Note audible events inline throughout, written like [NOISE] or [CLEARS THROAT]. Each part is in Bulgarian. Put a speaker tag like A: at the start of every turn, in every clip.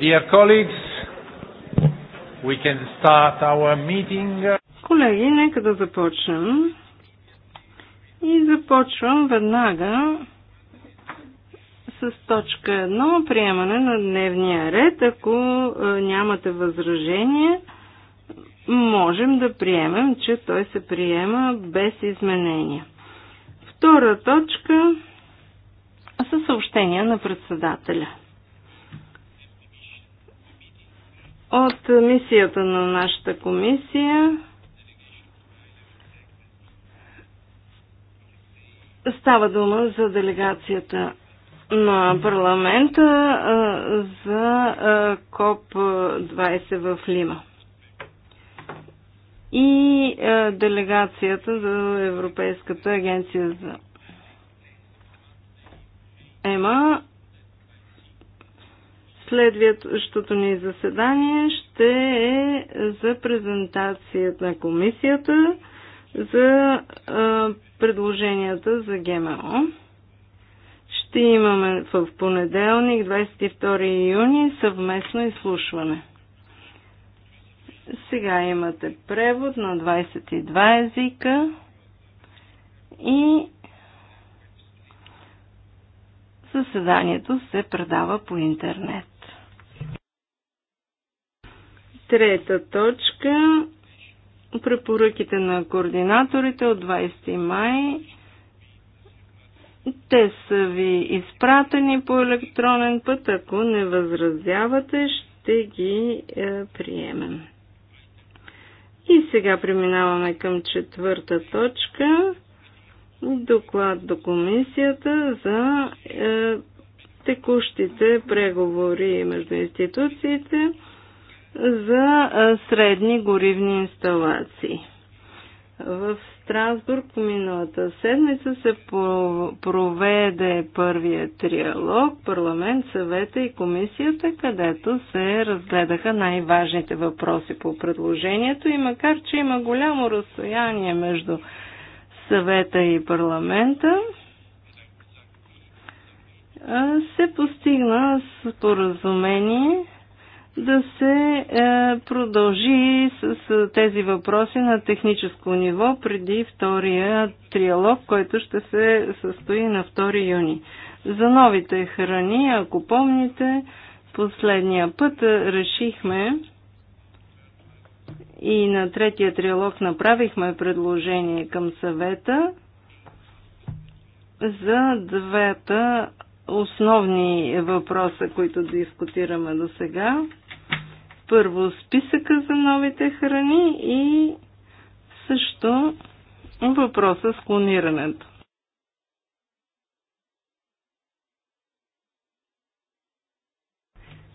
A: Dear colleagues, we can start our meeting.
B: Колеги, нека да започнем. И започвам веднага с точка 1, приемане на дневния ред. Ако е, нямате възражение, можем да приемем, че той се приема без изменения. Втора точка са съобщения на председателя. от мисията на нашата комисия. Става дума за делегацията на парламента за КОП-20 в Лима и делегацията за Европейската агенция за ЕМА Следващото ни заседание ще е за презентацията на комисията за предложенията за ГМО. Ще имаме в понеделник, 22 юни, съвместно изслушване. Сега имате превод на 22 езика и заседанието се предава по интернет. Трета точка препоръките на координаторите от 20 май. Те са ви изпратени по електронен път. Ако не възразявате, ще ги е, приемем. И сега преминаваме към четвърта точка. Доклад до комисията за е, текущите преговори между институциите за средни горивни инсталации. В Страсбург миналата седмица се проведе първия триалог, парламент, съвета и комисията, където се разгледаха най-важните въпроси по предложението и макар, че има голямо разстояние между съвета и парламента, се постигна споразумение да се е, продължи с, с тези въпроси на техническо ниво преди втория триалог, който ще се състои на 2 юни. За новите храни, ако помните, последния път е, решихме и на третия триалог направихме предложение към съвета за двата основни въпроса, които дискутираме до сега първо списъка за новите храни и също въпроса с клонирането.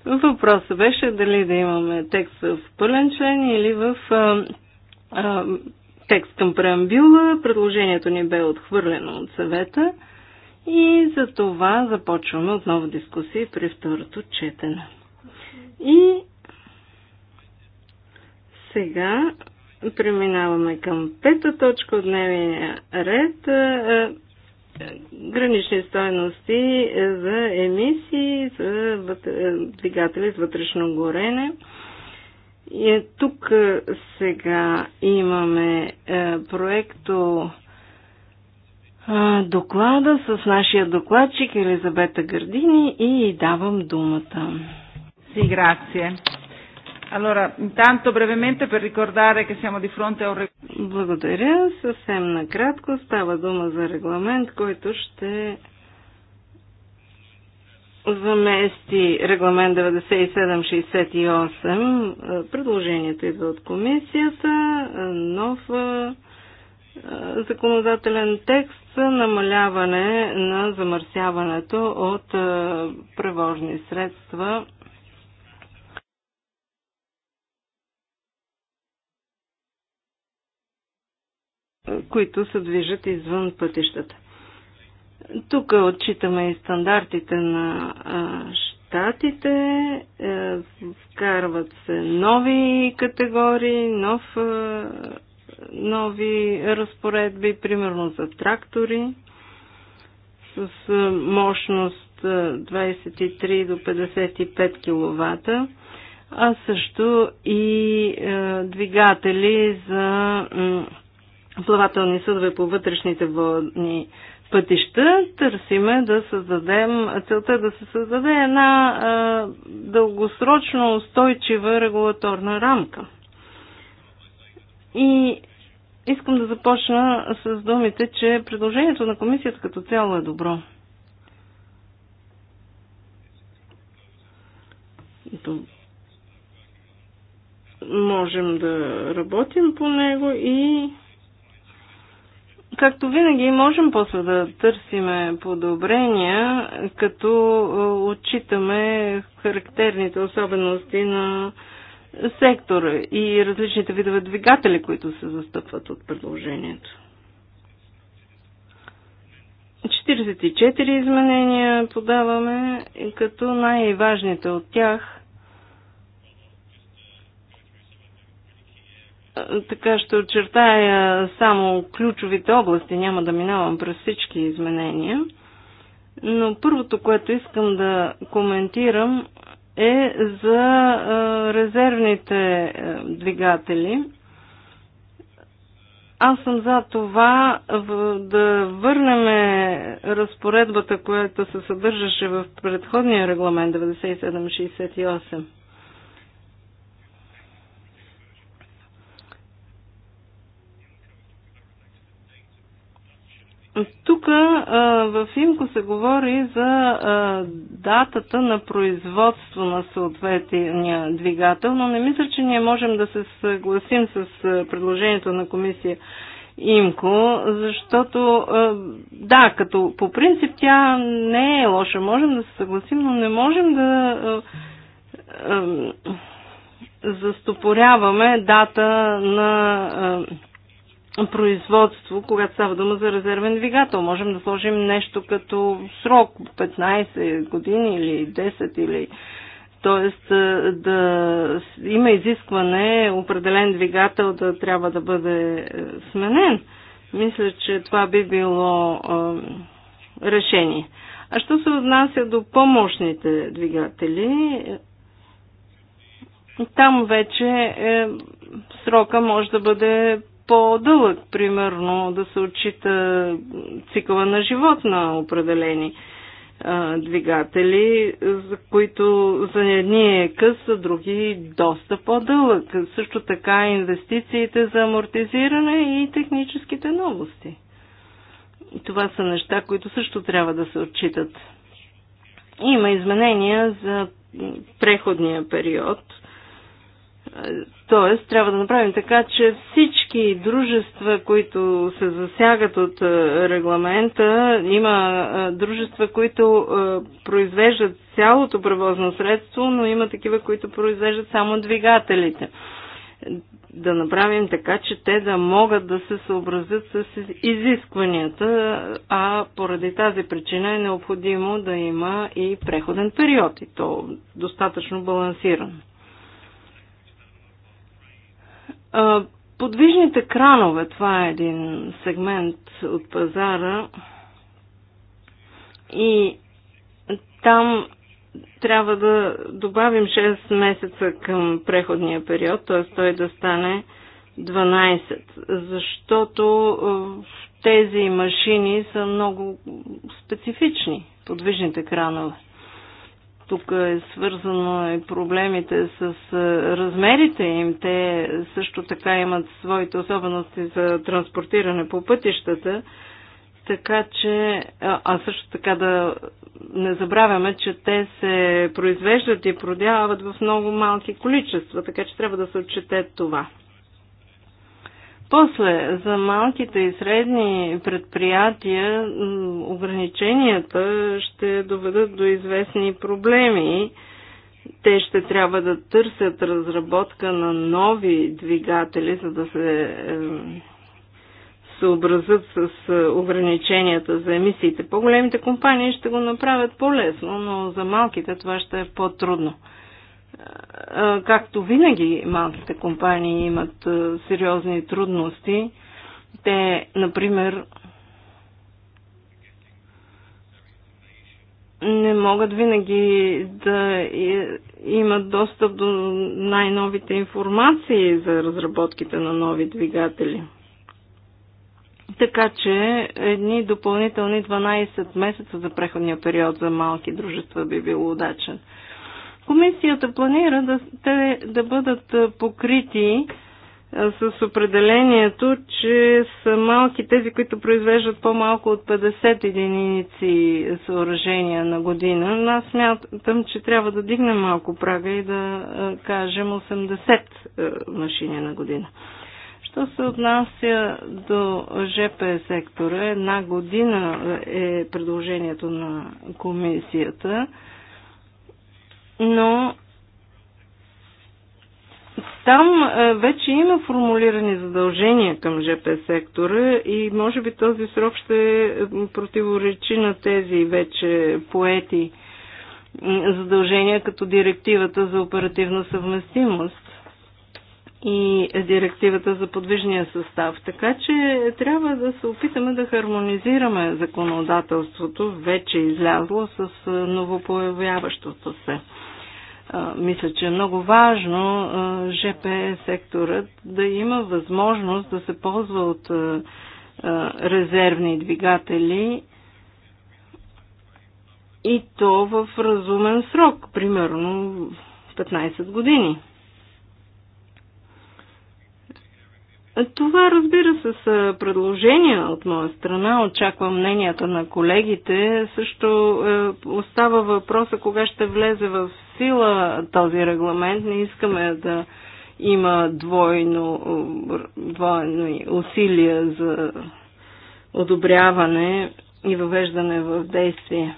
B: Въпросът беше дали да имаме текст в пълен член или в а, а, текст към преамбюла. Предложението ни бе отхвърлено от съвета и за това започваме отново дискусии при второто четене. И сега преминаваме към пета точка от дневния ред. Е, е, гранични стоености за емисии, за е, двигатели с вътрешно горене. И тук сега имаме проекто доклада с нашия докладчик Елизабета Гърдини и давам думата. Си, грация. Allora, intanto brevemente per ricordare che siamo di fronte a un Благодаря. Съвсем накратко става дума за регламент, който ще замести регламент 9768. Предложението идва от комисията. Нов законодателен текст за намаляване на замърсяването от превожни средства които се движат извън пътищата. Тук отчитаме и стандартите на щатите, е, вкарват се нови категории, нов, е, нови разпоредби, примерно за трактори с е, мощност 23 до 55 кВт, а също и двигатели за плавателни съдове по вътрешните водни пътища, търсиме да създадем, целта е да се създаде една а, дългосрочно устойчива регулаторна рамка. И искам да започна с думите, че предложението на комисията като цяло е добро. Можем да работим по него и както винаги, можем после да търсиме подобрения, като е, отчитаме характерните особености на сектора и различните видове двигатели, които се застъпват от предложението. 44 изменения подаваме, като най-важните от тях така ще очертая само ключовите области, няма да минавам през всички изменения. Но първото, което искам да коментирам е за резервните двигатели. Аз съм за това да върнем разпоредбата, която се съдържаше в предходния регламент 9768. Тук в Имко се говори за датата на производство на съответния двигател, но не мисля, че ние можем да се съгласим с предложението на комисия Имко, защото да, като по принцип тя не е лоша, можем да се съгласим, но не можем да застопоряваме дата на производство, когато става дума за резервен двигател. Можем да сложим нещо като срок 15 години или 10 или т.е. да има изискване определен двигател да трябва да бъде е, сменен. Мисля, че това би било е, решение. А що се отнася до помощните двигатели, там вече е, срока може да бъде по-дълъг, примерно да се отчита цикъла на живот на определени а, двигатели, за които за едни е къс, за други доста по-дълъг. Също така инвестициите за амортизиране и техническите новости. Това са неща, които също трябва да се отчитат. Има изменения за преходния период Тоест, трябва да направим така, че всички дружества, които се засягат от е, регламента, има е, дружества, които е, произвеждат цялото превозно средство, но има такива, които произвеждат само двигателите. Да направим така, че те да могат да се съобразят с изискванията, а поради тази причина е необходимо да има и преходен период и то достатъчно балансиран. Подвижните кранове, това е един сегмент от пазара и там трябва да добавим 6 месеца към преходния период, т.е. той да стане 12, защото тези машини са много специфични, подвижните кранове тук е свързано и проблемите с е, размерите им. Те също така имат своите особености за транспортиране по пътищата. Така че, а също така да не забравяме, че те се произвеждат и продяват в много малки количества, така че трябва да се отчете това. После, за малките и средни предприятия, ограниченията ще доведат до известни проблеми. Те ще трябва да търсят разработка на нови двигатели, за да се съобразят с е, ограниченията за емисиите. По-големите компании ще го направят по-лесно, но за малките това ще е по-трудно. Както винаги, малките компании имат сериозни трудности. Те, например, не могат винаги да имат достъп до най-новите информации за разработките на нови двигатели. Така че едни допълнителни 12 месеца за преходния период за малки дружества би било удачен. Комисията планира да, те да бъдат покрити с определението, че са малки тези, които произвеждат по-малко от 50 единици съоръжения на година. Но аз смятам, че трябва да дигнем малко прага и да кажем 80 машини на година. Що се отнася до ЖП сектора, една година е предложението на комисията – но там е, вече има формулирани задължения към ЖП сектора и може би този срок ще противоречи на тези вече поети задължения като директивата за оперативна съвместимост и директивата за подвижния състав. Така че трябва да се опитаме да хармонизираме законодателството, вече излязло с е, новопоявяващото се мисля, че е много важно ЖП секторът да има възможност да се ползва от резервни двигатели и то в разумен срок, примерно 15 години. Това, разбира се, са предложения от моя страна. Очаквам мненията на колегите. Също е, остава въпроса кога ще влезе в сила този регламент. Не искаме да има двойно, двойно усилия за одобряване и въвеждане в действие.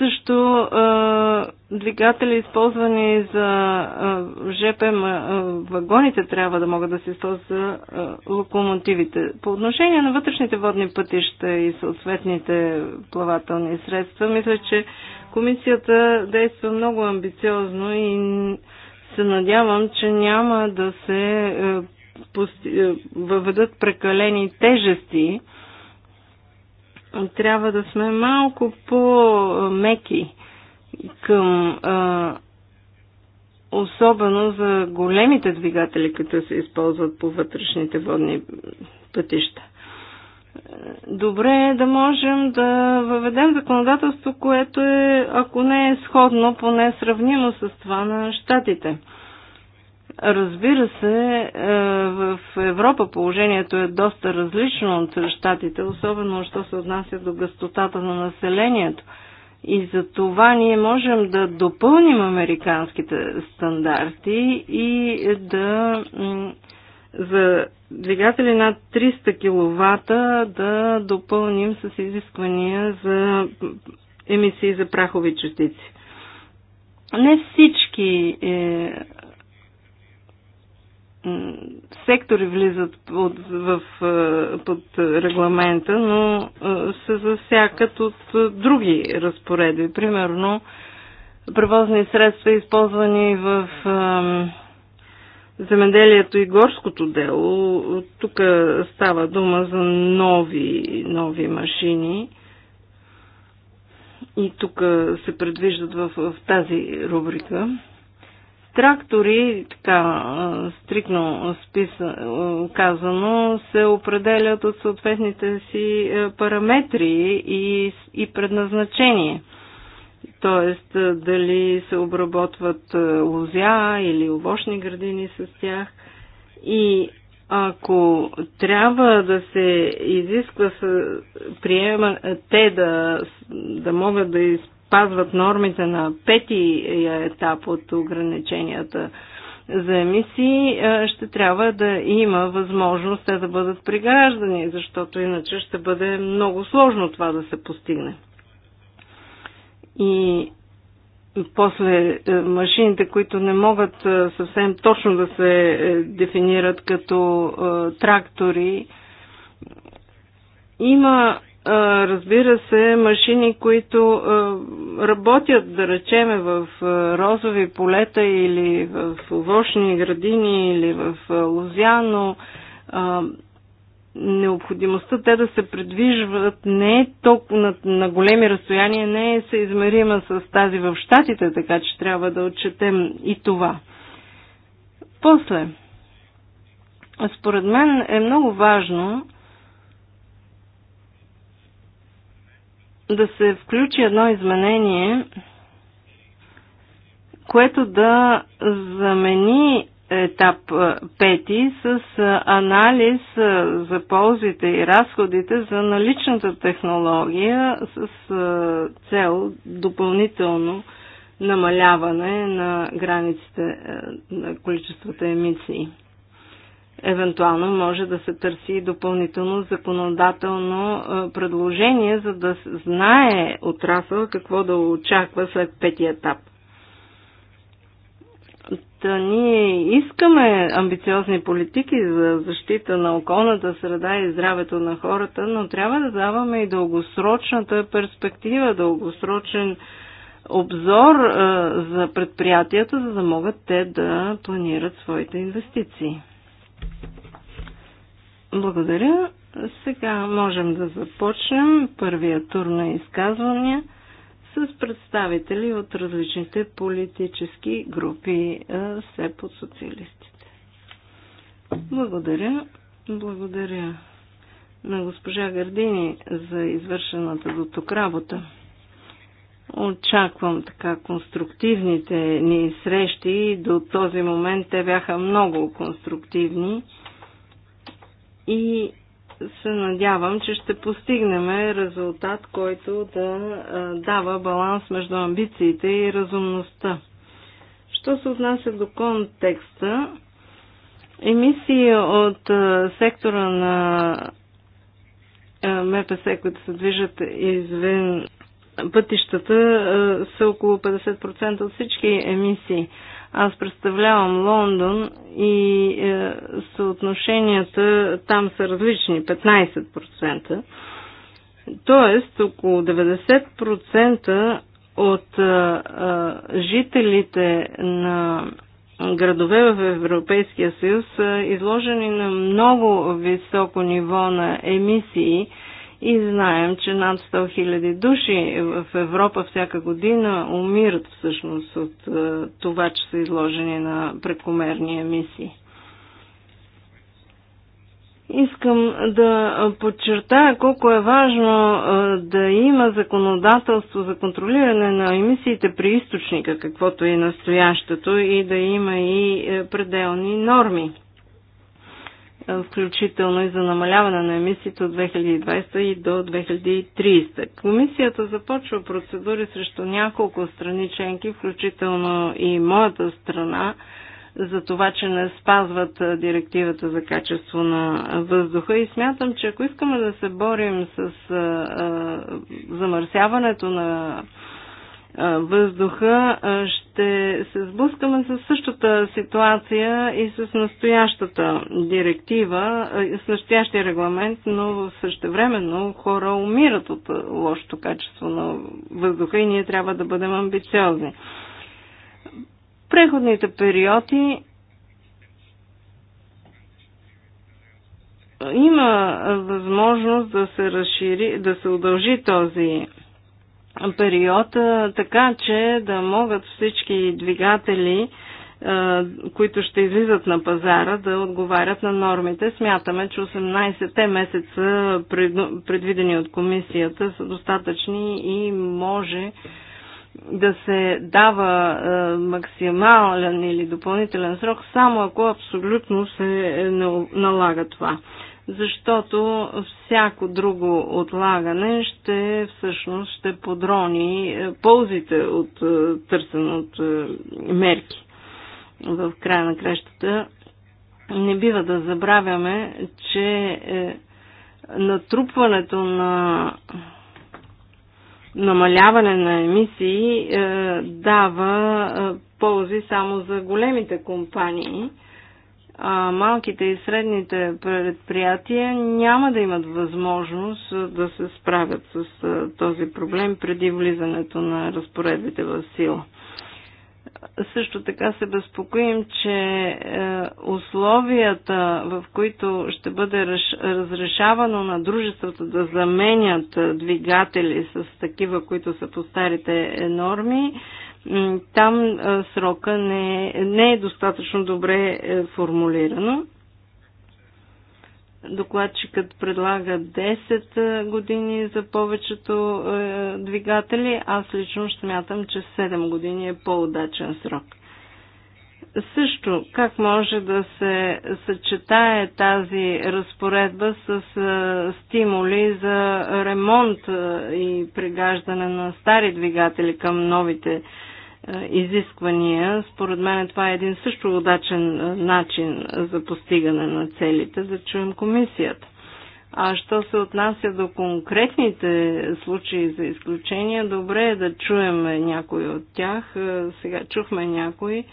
B: Също а, двигатели, използвани за а, ЖП а, вагоните, трябва да могат да се използват за а, локомотивите. По отношение на вътрешните водни пътища и съответните плавателни средства, мисля, че комисията действа много амбициозно и се надявам, че няма да се въведат прекалени тежести трябва да сме малко по-меки към а, особено за големите двигатели, като се използват по вътрешните водни пътища. Добре е да можем да въведем законодателство, което е, ако не е сходно, поне сравнимо с това на щатите. Разбира се, е, в Европа положението е доста различно от щатите, особено що се отнася до гъстотата на населението. И за това ние можем да допълним американските стандарти и да за двигатели над 300 кВт да допълним с изисквания за емисии за прахови частици. Не всички е, сектори влизат под, в, е, под регламента, но е, се засякат от е, други разпоредби. Примерно, превозни средства, използвани в земеделието и горското дело. Тук става дума за нови, нови машини. И тук се предвиждат в, в тази рубрика. Трактори, така стрикно казано, се определят от съответните си параметри и, и предназначение. Тоест, дали се обработват лузя или овощни градини с тях. И ако трябва да се изисква приема, те да, да могат да изпълняват спазват нормите на петия етап от ограниченията за емисии, е, ще трябва да има възможност те да бъдат приграждани, защото иначе ще бъде много сложно това да се постигне. И после е, машините, които не могат е, съвсем точно да се дефинират като трактори, има разбира се, машини, които работят, да речеме, в розови полета или в овощни градини или в но необходимостта те да се придвижват не е толкова на, на големи разстояния, не е съизмерима с тази в Штатите, така че трябва да отчетем и това. После, според мен е много важно, да се включи едно изменение, което да замени етап 5 с анализ за ползите и разходите за наличната технология с цел допълнително намаляване на границите на количествата емисии евентуално може да се търси допълнително законодателно предложение, за да знае отрасъл какво да очаква след петия етап. Та ние искаме амбициозни политики за защита на околната среда и здравето на хората, но трябва да даваме и дългосрочната перспектива, дългосрочен обзор за предприятията, за да могат те да планират своите инвестиции. Благодаря. Сега можем да започнем първия тур на изказвания с представители от различните политически групи, все под социалистите. Благодаря. Благодаря на госпожа Гардини за извършената до тук работа. Очаквам така конструктивните ни срещи. До този момент те бяха много конструктивни и се надявам, че ще постигнем резултат, който да дава баланс между амбициите и разумността. Що се отнася до контекста, емисии от сектора на МПС, които се движат извън пътищата, са около 50% от всички емисии. Аз представлявам Лондон и е, съотношенията там са различни 15%. Тоест, около 90% от е, е, жителите на градове в Европейския съюз са изложени на много високо ниво на емисии и знаем, че над 100 000 души в Европа всяка година умират всъщност от е, това, че са изложени на прекомерни емисии. Искам да подчертая колко е важно е, да има законодателство за контролиране на емисиите при източника, каквото е настоящето, и да има и е, пределни норми включително и за намаляване на емисиите от 2020 и до 2030. Комисията започва процедури срещу няколко страни членки, включително и моята страна, за това, че не спазват директивата за качество на въздуха и смятам, че ако искаме да се борим с замърсяването на въздуха, ще се сблъскаме с същата ситуация и с настоящата директива, с настоящия регламент, но същевременно хора умират от лошото качество на въздуха и ние трябва да бъдем амбициозни. Преходните периоди има възможност да се разшири, да се удължи този период, така че да могат всички двигатели, които ще излизат на пазара, да отговарят на нормите. Смятаме, че 18-те месеца, предвидени от комисията, са достатъчни и може да се дава максимален или допълнителен срок, само ако абсолютно се е, налага това защото всяко друго отлагане ще всъщност ще подрони е, ползите от е, търсене от е, мерки. В края на крещата. не бива да забравяме, че натрупването на намаляване на емисии дава ползи само за големите компании – а, малките и средните предприятия няма да имат възможност да се справят с а, този проблем преди влизането на разпоредбите в сила. Също така се безпокоим, че е, условията, в които ще бъде реш, разрешавано на дружествата да заменят двигатели с такива, които са по старите е, норми, там срока не, не е достатъчно добре е, формулирано. Докладчикът предлага 10 години за повечето двигатели. Аз лично смятам, че 7 години е по-удачен срок също как може да се съчетае тази разпоредба с стимули за ремонт и пригаждане на стари двигатели към новите е, изисквания. Според мен това е един също удачен е, начин за постигане на целите, да чуем комисията. А що се отнася до конкретните случаи за изключения, добре е да чуем някои от тях. Е, сега чухме някои.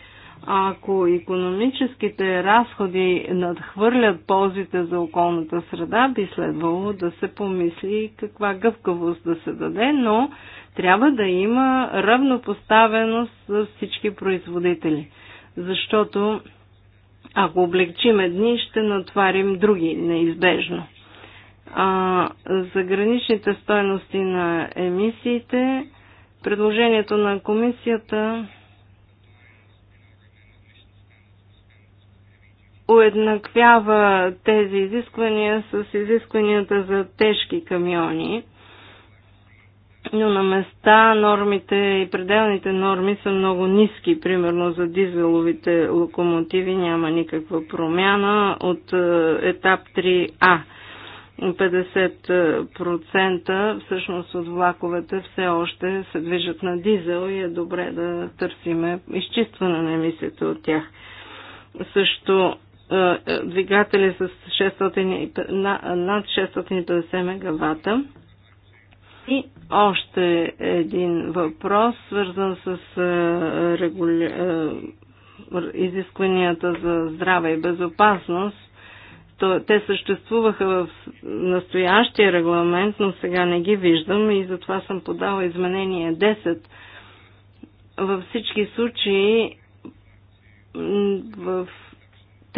B: Ако економическите разходи надхвърлят ползите за околната среда, би следвало да се помисли каква гъвкавост да се даде, но трябва да има равнопоставеност с всички производители, защото ако облегчим едни, ще натварим други неизбежно. А, за граничните стоености на емисиите, предложението на комисията уеднаквява тези изисквания с изискванията за тежки камиони но на места нормите и пределните норми са много ниски. Примерно за дизеловите локомотиви няма никаква промяна от е, етап 3А. 50% всъщност от влаковете все още се движат на дизел и е добре да търсиме изчистване на емисията от тях. Също е, е, двигатели с 600, над 650 мегавата и още един въпрос, свързан с е, регули... Е, изискванията за здраве и безопасност. Те съществуваха в настоящия регламент, но сега не ги виждам и затова съм подала изменение 10. Във всички случаи в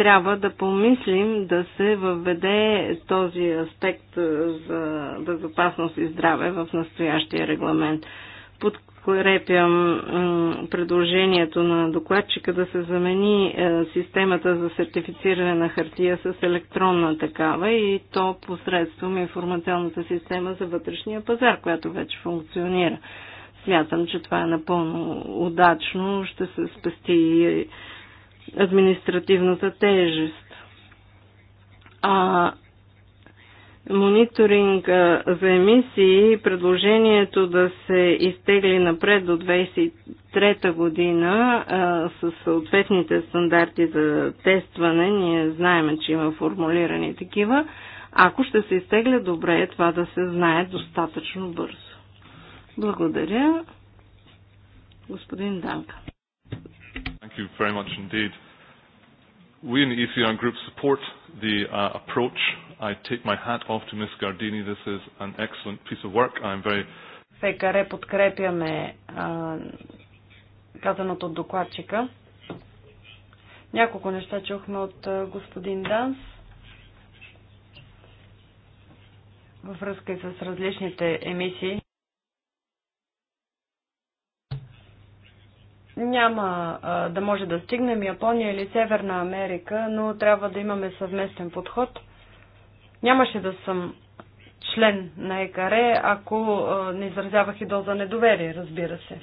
B: трябва да помислим да се въведе този аспект е, за безопасност и здраве в настоящия регламент. Подкрепям предложението на докладчика да се замени е, системата за сертифициране на хартия с електронна такава и то посредством информационната система за вътрешния пазар, която вече функционира. Смятам, че това е напълно удачно, ще се спасти административната тежест. А мониторинг за емисии, предложението да се изтегли напред до 2023 година а, с съответните стандарти за тестване, ние знаем, че има формулирани такива, ако ще се изтегля, добре е това да се знае достатъчно бързо. Благодаря. Господин Данка.
A: Thank you very much indeed. We in the ECR Group support the uh, approach. I take my hat off to Ms. Gardini. This is an excellent piece of work. I'm very...
C: ФКР подкрепяме а, казаното от докладчика. Няколко неща чухме от а, господин Данс във връзка и с различните емисии. няма а, да може да стигнем Япония или Северна Америка, но трябва да имаме съвместен подход. Нямаше да съм член на ЕКАРЕ, ако а, не изразявах и доза недоверие, разбира се.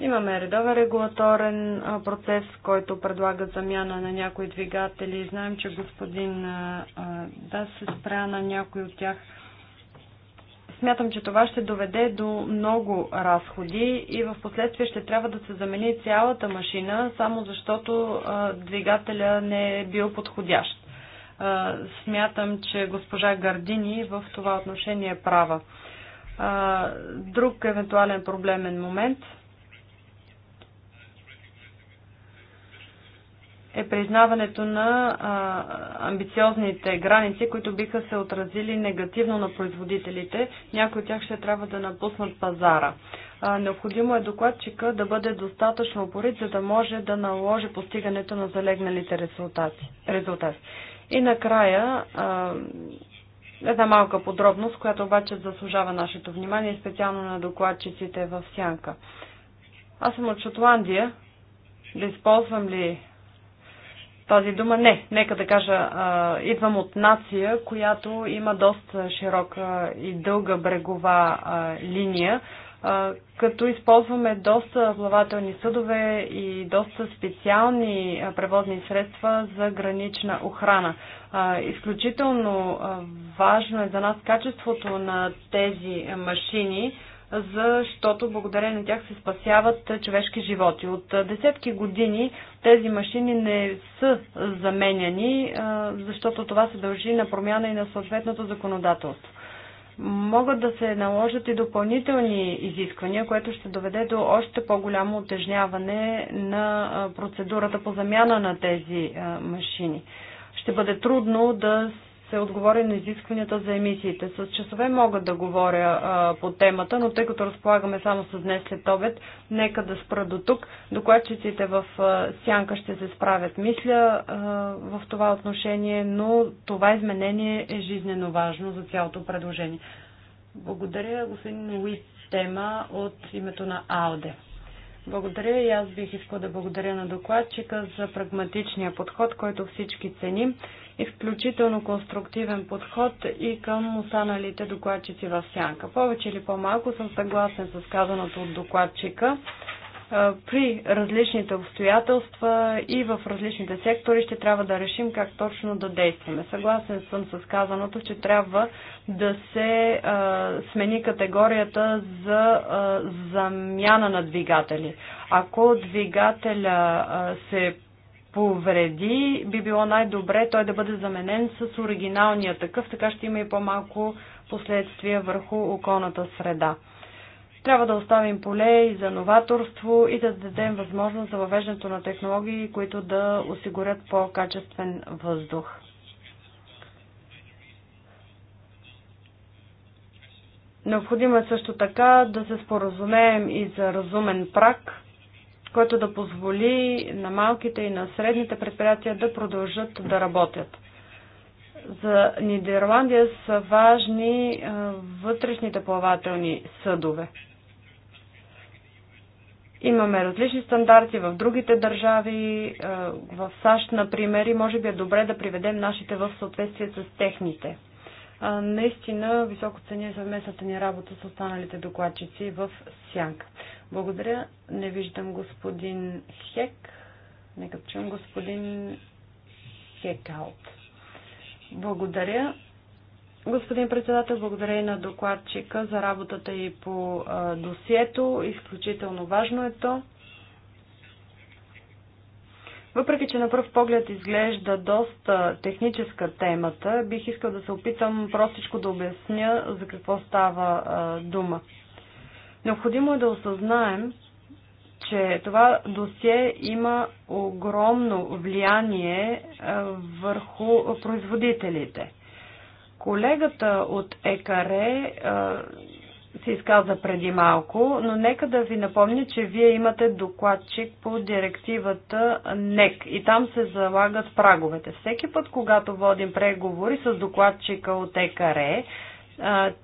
C: Имаме редовен регулаторен процес, който предлага замяна на някои двигатели. Знаем, че господин а, да се спря на някой от тях – Смятам, че това ще доведе до много разходи и в последствие ще трябва да се замени цялата машина, само защото двигателя не е бил подходящ. Смятам, че госпожа Гардини в това отношение е права. Друг евентуален проблемен момент – е признаването на а, амбициозните граници, които биха се отразили негативно на производителите. Някои от тях ще трябва да напуснат пазара. А, необходимо е докладчика да бъде достатъчно упорит, за да може да наложи постигането на залегналите резултати. резултати. И накрая, а, една малка подробност, която обаче заслужава нашето внимание, специално на докладчиците в Сянка. Аз съм от Шотландия. Да използвам ли тази дума не. Нека да кажа, а, идвам от нация, която има доста широка и дълга брегова а, линия, а, като използваме доста плавателни съдове и доста специални превозни средства за гранична охрана. А, изключително а, важно е за нас качеството на тези машини защото благодарение на тях се спасяват човешки животи. От десетки години тези машини не са заменяни, защото това се дължи на промяна и на съответното законодателство. Могат да се наложат и допълнителни изисквания, което ще доведе до още по-голямо отежняване на процедурата по замяна на тези машини ще бъде трудно да се отговори на изискванията за емисиите. С часове мога да говоря а, по темата, но тъй като разполагаме само с днес след обед, нека да спра до тук. Докладчиците в а, сянка ще се справят, мисля, а, в това отношение, но това изменение е жизнено важно за цялото предложение. Благодаря, господин Луис Тема от името на АОДЕ. Благодаря и аз бих искал да благодаря на докладчика за прагматичния подход, който всички ценим изключително конструктивен подход и към останалите докладчици в сянка. Повече или по-малко съм съгласен с казаното от докладчика. При различните обстоятелства и в различните сектори ще трябва да решим как точно да действаме. Съгласен съм с казаното, че трябва да се а, смени категорията за а, замяна на двигатели. Ако двигателя а, се повреди, би било най-добре той да бъде заменен с оригиналния такъв, така ще има и по-малко последствия върху околната среда. Трябва да оставим поле и за новаторство и да дадем възможност за въвеждането на технологии, които да осигурят по-качествен въздух. Необходимо е също така да се споразумеем и за разумен прак – което да позволи на малките и на средните предприятия да продължат да работят. За Нидерландия са важни вътрешните плавателни съдове. Имаме различни стандарти в другите държави, в САЩ, например, и може би е добре да приведем нашите в съответствие с техните. Наистина, високо ценя съвместната ни работа с останалите докладчици в Сянка. Благодаря. Не виждам господин Хек. Нека чуем господин Хекаут. Благодаря. Господин председател, благодаря и на докладчика за работата и по досието. Изключително важно е то. Въпреки, че на пръв поглед изглежда доста техническа темата, бих искал да се опитам простичко да обясня за какво става а, дума. Необходимо е да осъзнаем, че това досие има огромно влияние е, върху производителите. Колегата от ЕКАРЕ е, се изказа преди малко, но нека да ви напомня, че вие имате докладчик по директивата НЕК и там се залагат праговете. Всеки път, когато водим преговори с докладчика от ЕКАРЕ,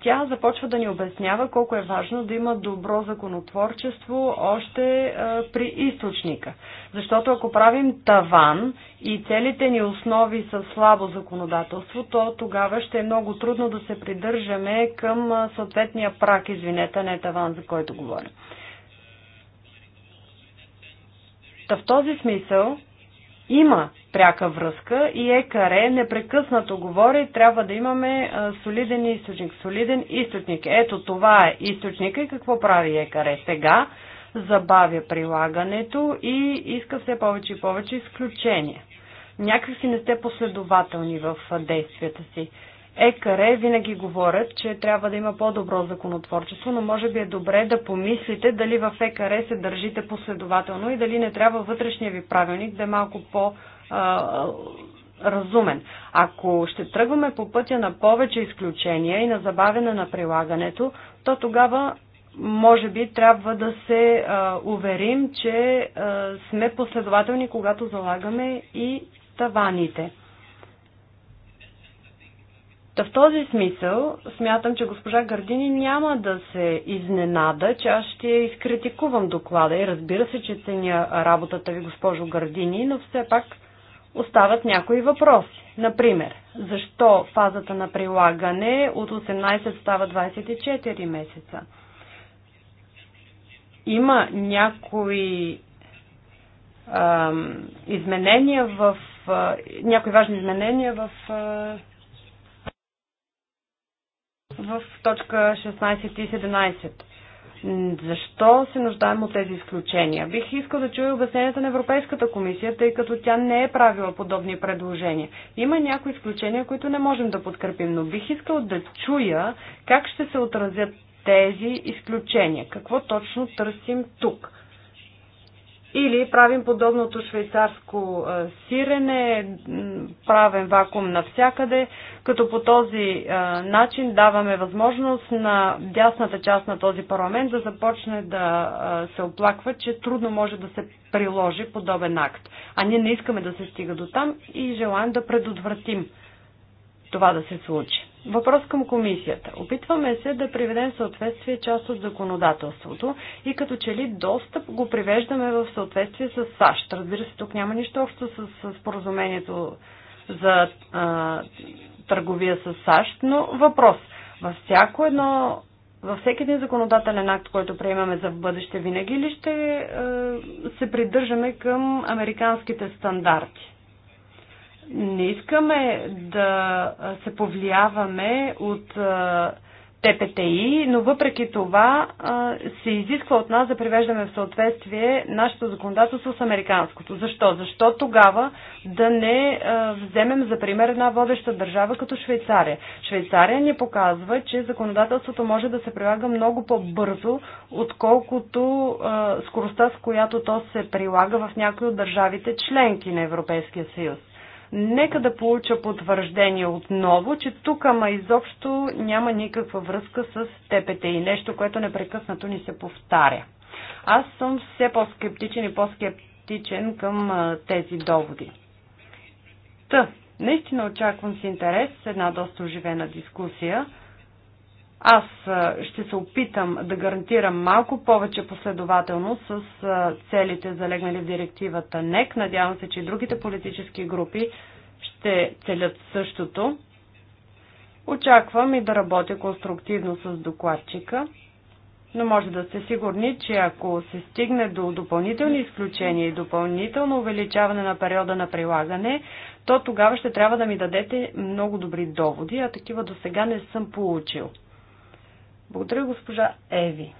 C: тя започва да ни обяснява колко е важно да има добро законотворчество още при източника. Защото ако правим таван и целите ни основи са слабо законодателство, то тогава ще е много трудно да се придържаме към съответния прак, извинете, не е таван, за който говорим. Та в този смисъл има пряка връзка и ЕКАРЕ непрекъснато говори, трябва да имаме солиден източник, солиден източник. Ето това е източника и какво прави ЕКАРЕ сега? Забавя прилагането и иска все повече и повече изключения. Някакси не сте последователни в действията си. ЕКАРЕ винаги говорят, че трябва да има по-добро законотворчество, но може би е добре да помислите дали в ЕКАРЕ се държите последователно и дали не трябва вътрешния ви правилник да е малко по- разумен. Ако ще тръгваме по пътя на повече изключения и на забавяне на прилагането, то тогава може би трябва да се а, уверим, че а, сме последователни, когато залагаме и таваните. Та в този смисъл смятам, че госпожа Гардини няма да се изненада, че аз ще изкритикувам доклада и разбира се, че ценя работата ви, госпожо Гардини, но все пак остават някои въпроси. Например, защо фазата на прилагане от 18 става 24 месеца? Има някои ам, изменения в а, някои важни изменения в а, в точка 16 и 17. Защо се нуждаем от тези изключения? Бих искал да чуя обясненията на Европейската комисия, тъй като тя не е правила подобни предложения. Има някои изключения, които не можем да подкрепим, но бих искал да чуя как ще се отразят тези изключения. Какво точно търсим тук? Или правим подобното швейцарско сирене, правен вакуум навсякъде, като по този начин даваме възможност на дясната част на този парламент да започне да се оплаква, че трудно може да се приложи подобен акт. А ние не искаме да се стига до там и желаем да предотвратим това да се случи. Въпрос към комисията. Опитваме се да приведем в съответствие част от законодателството и като че ли достъп го привеждаме в съответствие с САЩ. Разбира се, тук няма нищо общо с споразумението за а, търговия с САЩ, но въпрос. Във всяко едно във всеки един законодателен акт, който приемаме за в бъдеще, винаги ли ще а, се придържаме към американските стандарти? Не искаме да се повлияваме от ТПТИ, но въпреки това се изисква от нас да привеждаме в съответствие нашето законодателство с американското. Защо? Защо тогава да не вземем за пример една водеща държава като Швейцария? Швейцария ни показва, че законодателството може да се прилага много по-бързо, отколкото скоростта, с която то се прилага в някои от държавите членки на Европейския съюз. Нека да получа потвърждение отново, че тук ама изобщо няма никаква връзка с ТПТ и нещо, което непрекъснато ни се повтаря. Аз съм все по-скептичен и по-скептичен към тези доводи. Та, наистина очаквам с интерес една доста оживена дискусия. Аз ще се опитам да гарантирам малко повече последователно с целите залегнали в директивата НЕК. Надявам се, че и другите политически групи ще целят същото. Очаквам и да работя конструктивно с докладчика, но може да сте сигурни, че ако се стигне до допълнителни изключения и допълнително увеличаване на периода на прилагане, то тогава ще трябва да ми дадете много добри доводи, а такива до сега не съм получил. Благодаря, госпожа Еви.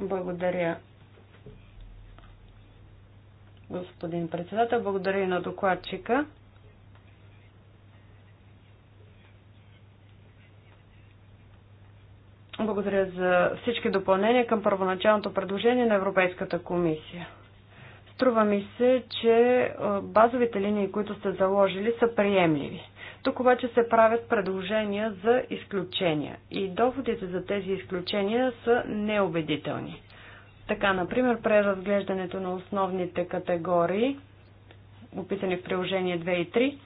C: Благодаря, господин председател. Благодаря и на докладчика. Благодаря за всички допълнения към първоначалното предложение на Европейската комисия. Струва ми се, че базовите линии, които сте заложили, са приемливи. Тук обаче се правят предложения за изключения и доходите за тези изключения са неубедителни. Така, например, преразглеждането на основните категории, описани в приложение 2 и 3,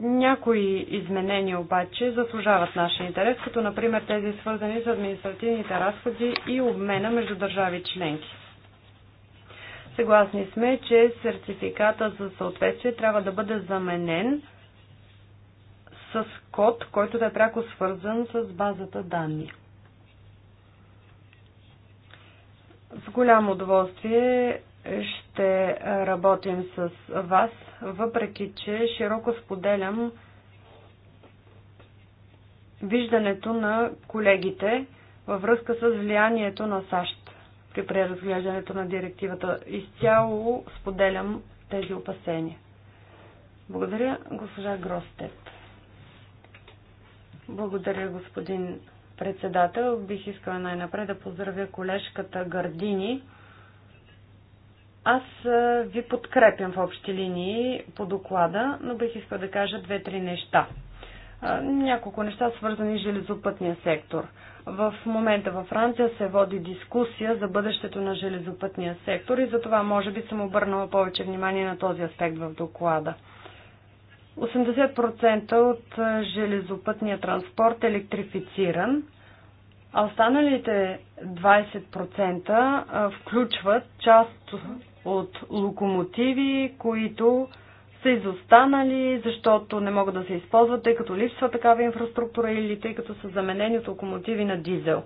C: Някои изменения обаче заслужават нашия интерес, като например тези свързани с административните разходи и обмена между държави членки. Съгласни сме, че сертификата за съответствие трябва да бъде заменен с код, който да е пряко свързан с базата данни. С голямо удоволствие ще работим с вас, въпреки че широко споделям виждането на колегите във връзка с влиянието на САЩ при преразглеждането на директивата. Изцяло споделям тези опасения. Благодаря, госпожа Гростеп. Благодаря, господин председател. Бих искала най-напред да поздравя колежката Гардини. Аз ви подкрепям в общи линии по доклада, но бих искала да кажа две-три неща няколко неща, свързани с железопътния сектор. В момента във Франция се води дискусия за бъдещето на железопътния сектор и за това може би съм обърнала повече внимание на този аспект в доклада. 80% от железопътния транспорт е електрифициран, а останалите 20% включват част от локомотиви, които са изостанали, защото не могат да се използват, тъй като липсва такава инфраструктура или тъй като са заменени от локомотиви на дизел.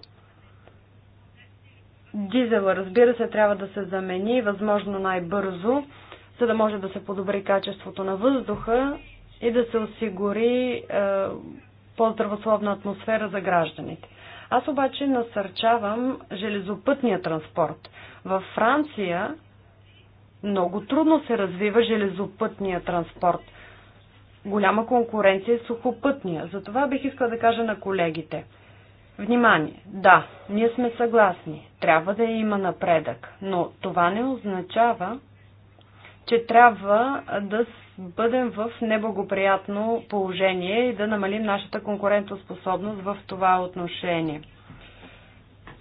C: Дизела, разбира се, трябва да се замени възможно най-бързо, за да може да се подобри качеството на въздуха и да се осигури е, по-здравословна атмосфера за гражданите. Аз обаче насърчавам железопътния транспорт. Във Франция много трудно се развива железопътния транспорт. Голяма конкуренция е сухопътния. Затова бих искала да кажа на колегите. Внимание! Да, ние сме съгласни. Трябва да има напредък. Но това не означава, че трябва да бъдем в неблагоприятно положение и да намалим нашата конкурентоспособност в това отношение.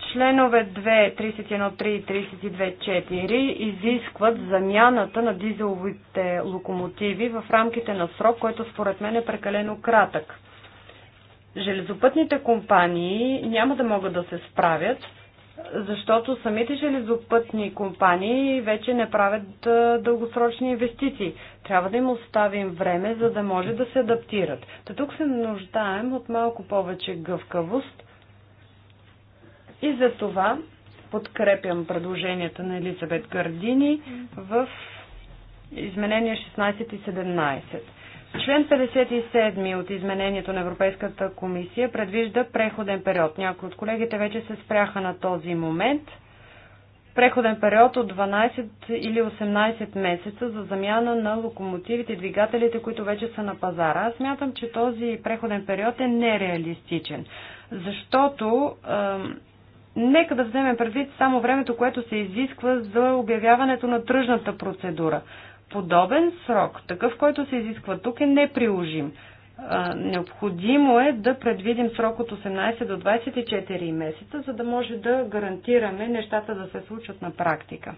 C: Членове 2, 31.3 и 32.4 изискват замяната на дизеловите локомотиви в рамките на срок, който според мен е прекалено кратък. Железопътните компании няма да могат да се справят, защото самите железопътни компании вече не правят дългосрочни инвестиции. Трябва да им оставим време, за да може да се адаптират. Та тук се нуждаем от малко повече гъвкавост – и за това подкрепям предложенията на Елизабет Гардини в изменение 16 и 17. Член 57 от изменението на Европейската комисия предвижда преходен период. Някои от колегите вече се спряха на този момент. Преходен период от 12 или 18 месеца за замяна на локомотивите и двигателите, които вече са на пазара. Аз мятам, че този преходен период е нереалистичен, защото Нека да вземем предвид само времето, което се изисква за обявяването на тръжната процедура. Подобен срок, такъв, който се изисква тук, е неприложим. Необходимо е да предвидим срок от 18 до 24 месеца, за да може да гарантираме нещата да се случат на практика.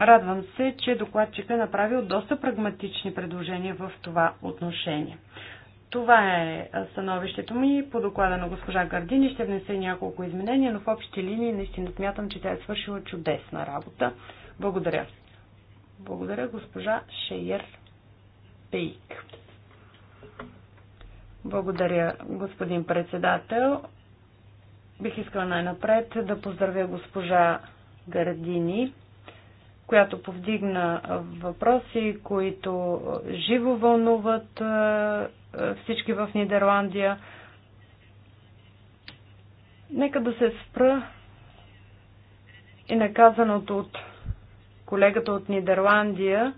C: Радвам се, че докладчика е направил доста прагматични предложения в това отношение. Това е становището ми по доклада на госпожа Гардини. Ще внесе няколко изменения, но в общи линии наистина смятам, че тя е свършила чудесна работа. Благодаря. Благодаря госпожа Шейер Пейк. Благодаря, господин председател. Бих искала най-напред да поздравя госпожа Гардини, която повдигна въпроси, които живо вълнуват всички в Нидерландия. Нека да се спра и наказаното от колегата от Нидерландия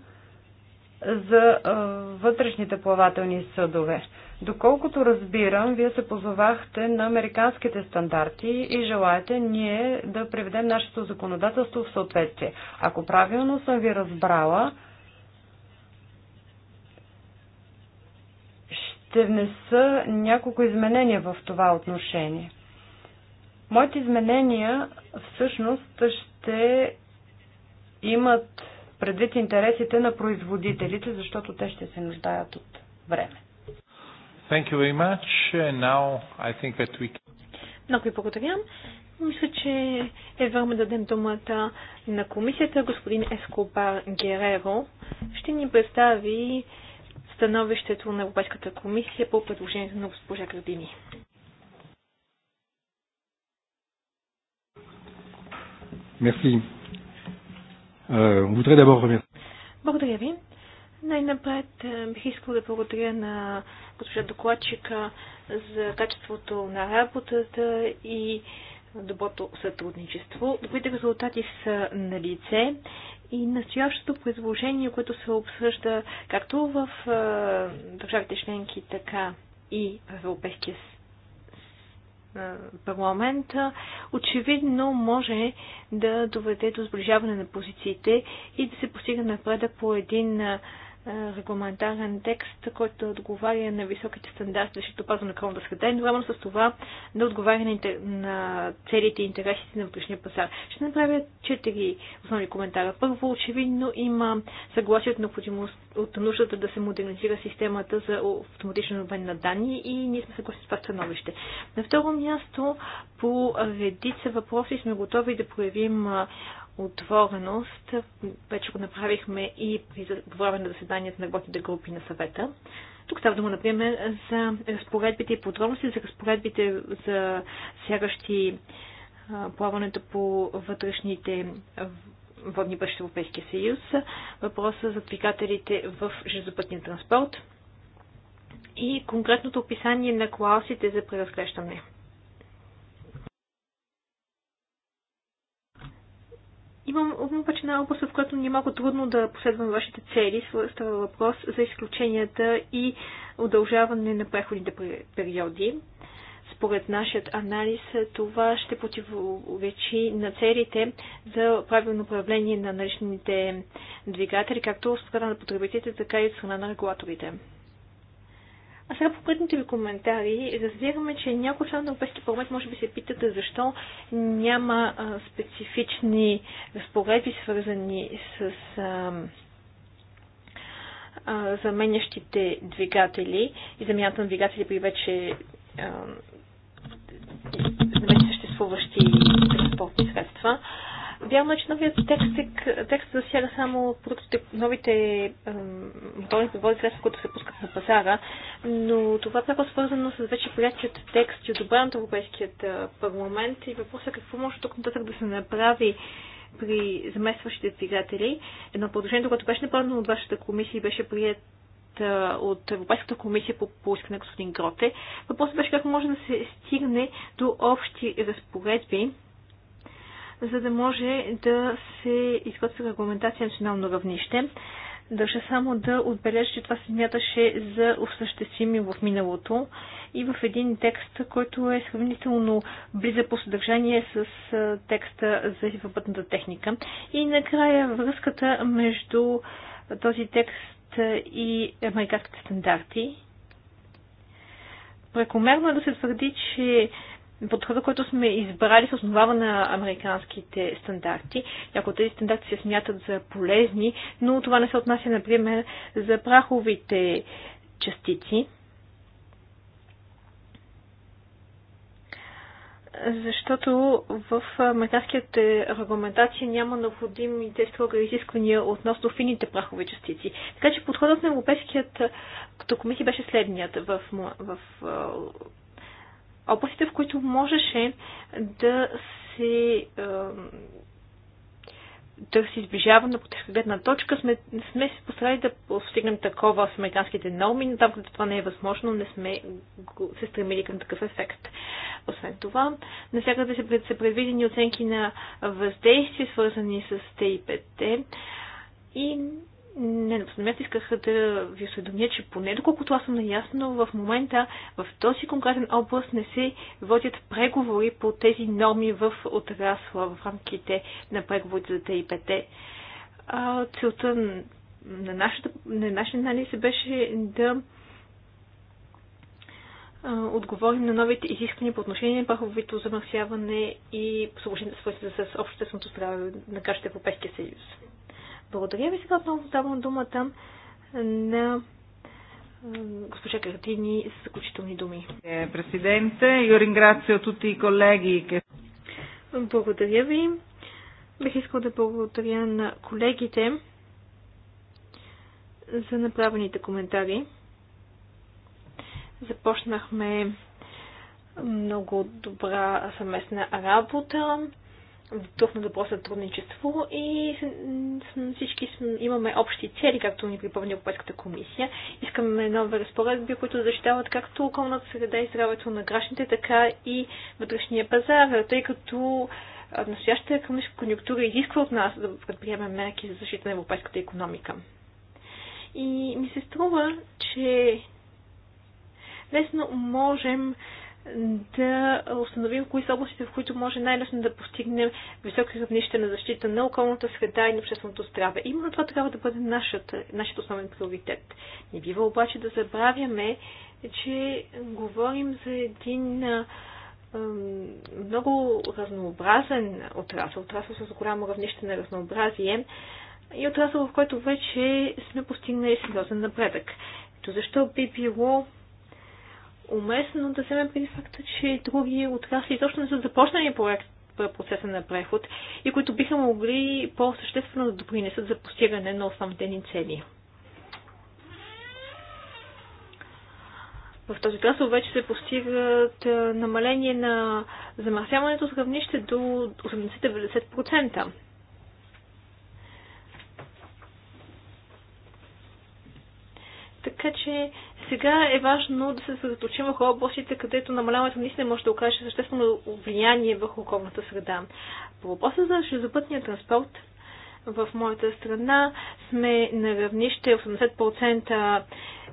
C: за вътрешните плавателни съдове. Доколкото разбирам, вие се позовахте на американските стандарти и желаете ние да приведем нашето законодателство в съответствие. Ако правилно съм ви разбрала, ще внеса няколко изменения в това отношение. Моите изменения всъщност ще имат предвид интересите на производителите, защото те ще се нуждаят от време.
B: Thank you very much. Now I think that we...
A: Много ви благодаря. Мисля, че е време да дадем думата на комисията. Господин Ескобар Гереро ще ни представи становището на Европейската комисия по предложението на госпожа Градини. Мерси. Euh, благодаря ви. Най-напред е, бих искал да благодаря на госпожа докладчика за качеството на работата и доброто сътрудничество. Добрите резултати са на лице и настоящото предложение, което се обсъжда както в държавите членки, така и в Европейския парламент, очевидно може да доведе до сближаване на позициите и да се постига напредък по един регламентарен текст, който отговаря на високите стандарти, защото пазва на околната среда, едновременно с това да отговаря на, интер... на целите и интересите на вътрешния пазар. Ще направя четири основни коментара. Първо, очевидно има съгласие от необходимост от нуждата да се модернизира системата за автоматичен обмен на данни и ние сме съгласни с това становище. На второ място, по редица въпроси сме готови да проявим отвореност. Вече го направихме и при време на заседанието на работните групи на съвета. Тук става дума, например, за разпоредбите и подробности за разпоредбите за сягащи плаването по вътрешните водни пъщи Европейския съюз, въпроса за двигателите в железопътния транспорт и конкретното описание на клаусите за преразглеждане. Имам обаче една област, в която ни е малко трудно да последвам вашите цели. Става въпрос за изключенията и удължаване на преходните периоди. Според нашият анализ това ще противоречи на целите за правилно управление на наличните двигатели, както от страна на потребителите, така и от страна на регулаторите. А сега по предните ви коментари разбираме, че някои членове на Европейския парламент може би се питате защо няма а, специфични разпоредби, свързани с а, а, заменящите двигатели и замяната на двигатели при вече а, съществуващи транспортни средства. Вярно е, че новият текст, текст засяга само продуктите, новите моторни превозни средства, които се пускат на пазара, но това е свързано с вече приятият текст и одобрен от Европейският парламент и въпросът е какво може тук нататък да се направи при заместващите двигатели. Едно продължение, което беше напълно от вашата комисия и беше прият от Европейската комисия по поискане на господин Гроте. Въпросът беше как може да се стигне до общи разпоредби за да може да се изготвя регламентация на национално равнище. Държа само да отбележа, че това се смяташе за осъществими в миналото и в един текст, който е сравнително близа по съдържание с текста за европътната техника. И накрая връзката между този текст и американските стандарти. Прекомерно е да се твърди, че подхода, който сме избрали, се основава на американските стандарти. Ако тези стандарти се смятат за полезни, но това не се отнася, например, за праховите частици. Защото в американските регламентации няма необходимите строга изисквания относно фините прахови частици. Така че подходът на Европейският като комисия беше следният в, в областите, в които можеше да се се изближаване на потешка гледна точка, сме, сме се постарали да постигнем такова с американските норми, но там, където това не е възможно, не сме се стремили към такъв ефект. Освен това, навсякъде се, пред, са предвидени оценки на въздействие, свързани с ТИПТ и не, например, исках да ви осведомя, че поне доколкото аз съм наясно, в момента в този конкретен област не се водят преговори по тези норми в отрасла, в рамките на преговорите за ТИПТ. Целта на, нашата, на нашия анализ беше да отговорим на новите изисквания по отношение на праховито замърсяване и на свързани с общественото здраве на кашата Европейския съюз. Благодаря ви. Сега отново давам думата на госпожа Картини с заключителни думи.
B: Е, президенте, Юрин, ringrazio tutti и колеги.
A: Благодаря ви. Бих искал да благодаря на колегите за направените коментари. Започнахме много добра съвместна работа дух на добро сътрудничество и всички имаме общи цели, както ни припомни Европейската комисия. Искаме нови разпоредби, които защитават както околната среда и здравето на гражданите, така и вътрешния пазар, тъй като настоящата економическа конъюнктура изисква от нас да предприемем мерки за защита на европейската економика. И ми се струва, че лесно можем да установим кои са областите, в които може най-лесно да постигнем високи равнища на защита на околната среда и на общественото здраве. Именно това трябва да бъде нашата, нашият основен приоритет. Не бива обаче да забравяме, че говорим за един много разнообразен отрасъл, отрасъл с голямо равнище на разнообразие и отрасъл, в който вече сме постигнали сериозен напредък. То защо би било уместно да вземем преди факта, че други отрасли точно не са започнали проект, процеса на преход и които биха могли по-съществено да допринесат за постигане на основните ни цели. В този отрасъл вече се постигат намаление на замърсяването с равнище до 80-90%. Така че сега е важно да се съсредоточим върху областите, където намаляването наистина може да окаже съществено влияние върху околната среда. По въпроса за железопътния транспорт, в моята страна сме на равнище 80%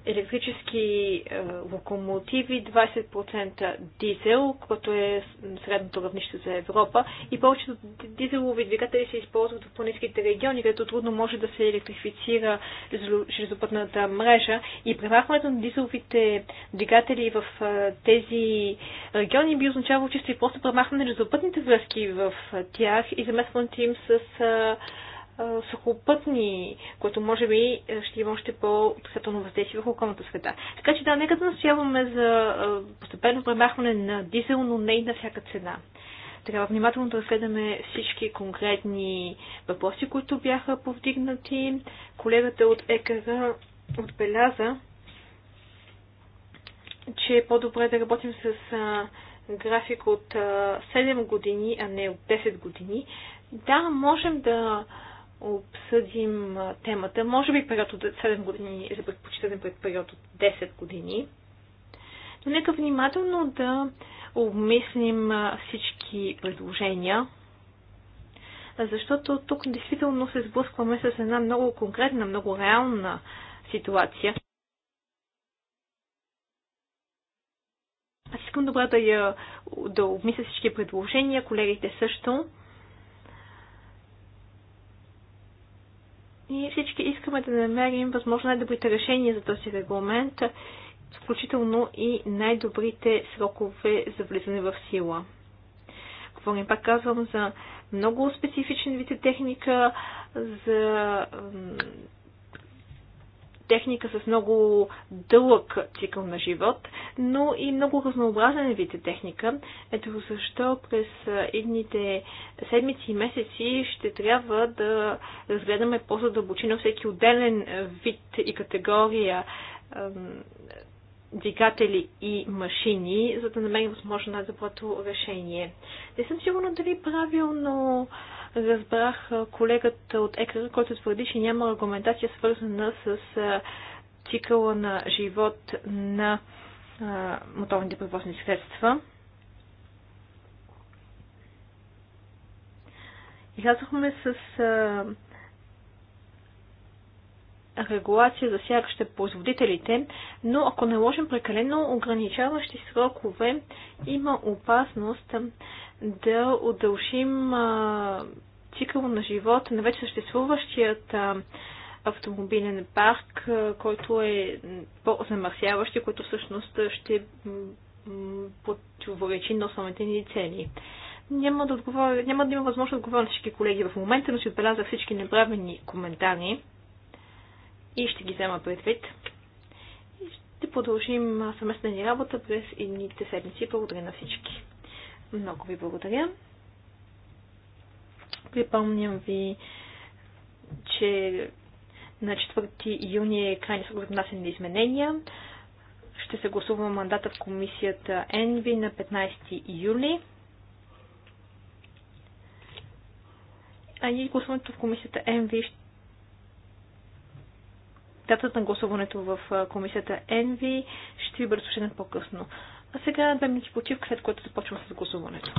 A: електрически е, локомотиви, 20% дизел, което е средното равнище за Европа и повечето дизелови двигатели се използват в планинските региони, където трудно може да се електрифицира железопътната мрежа и премахването на дизеловите двигатели в е, тези региони би означавало чисто и просто премахване на железопътните връзки в е, тях и заместването им с сухопътни, което може би е, ще има още по-отрицателно въздействие върху околната среда. Така че да, нека да настояваме за постепенно премахване на дизел, но не и на всяка цена. Трябва внимателно да разгледаме всички конкретни въпроси, които бяха повдигнати. Колегата от ЕКР отбеляза, че е по-добре да работим с а, график от а, 7 години, а не от 10 години. Да, можем да обсъдим темата. Може би период от 7 години за е предпочитан пред период от 10 години. Но нека внимателно да обмислим всички предложения, защото тук действително се сблъскваме с една много конкретна, много реална ситуация. Аз искам добре да, я, да обмисля всички предложения, колегите също. Ние всички искаме да намерим възможно най-добрите решения за този регламент, включително и най-добрите срокове за влизане в сила. Говорим, пак казвам, за много специфичен вид техника, за техника с много дълъг цикъл на живот, но и много разнообразен вид техника. Ето защо през едните седмици и месеци ще трябва да разгледаме по-задълбочина всеки отделен вид и категория двигатели и машини, за да намерим възможно най-доброто решение. Не съм сигурна дали правилно разбрах колегата от ЕКР, който твърди, че няма аргументация свързана с цикъла на живот на моторните превозни средства. Излязохме с регулация, засягаща производителите, но ако наложим прекалено ограничаващи срокове, има опасност да удължим цикъл на живот на вече съществуващият автомобилен парк, който е по-замърсяващ и който всъщност ще противоречи на основните ни цели. Няма да, отговоря, няма да има възможност да отговоря на всички колеги в момента, но си отбелязах всички неправени коментари и ще ги взема предвид. И ще продължим съместна ни работа през едните седмици. Благодаря на всички. Много ви благодаря. Припомням ви, че на 4 юни е крайния срок за внасяне на изменения. Ще се гласува мандата в комисията ЕНВИ на 15 юли. А и гласуването в комисията ЕНВИ ще датата на гласуването в комисията ЕНВИ ще ви бъде съобщена по-късно. А сега две ми почивка, след което започвам с гласуването.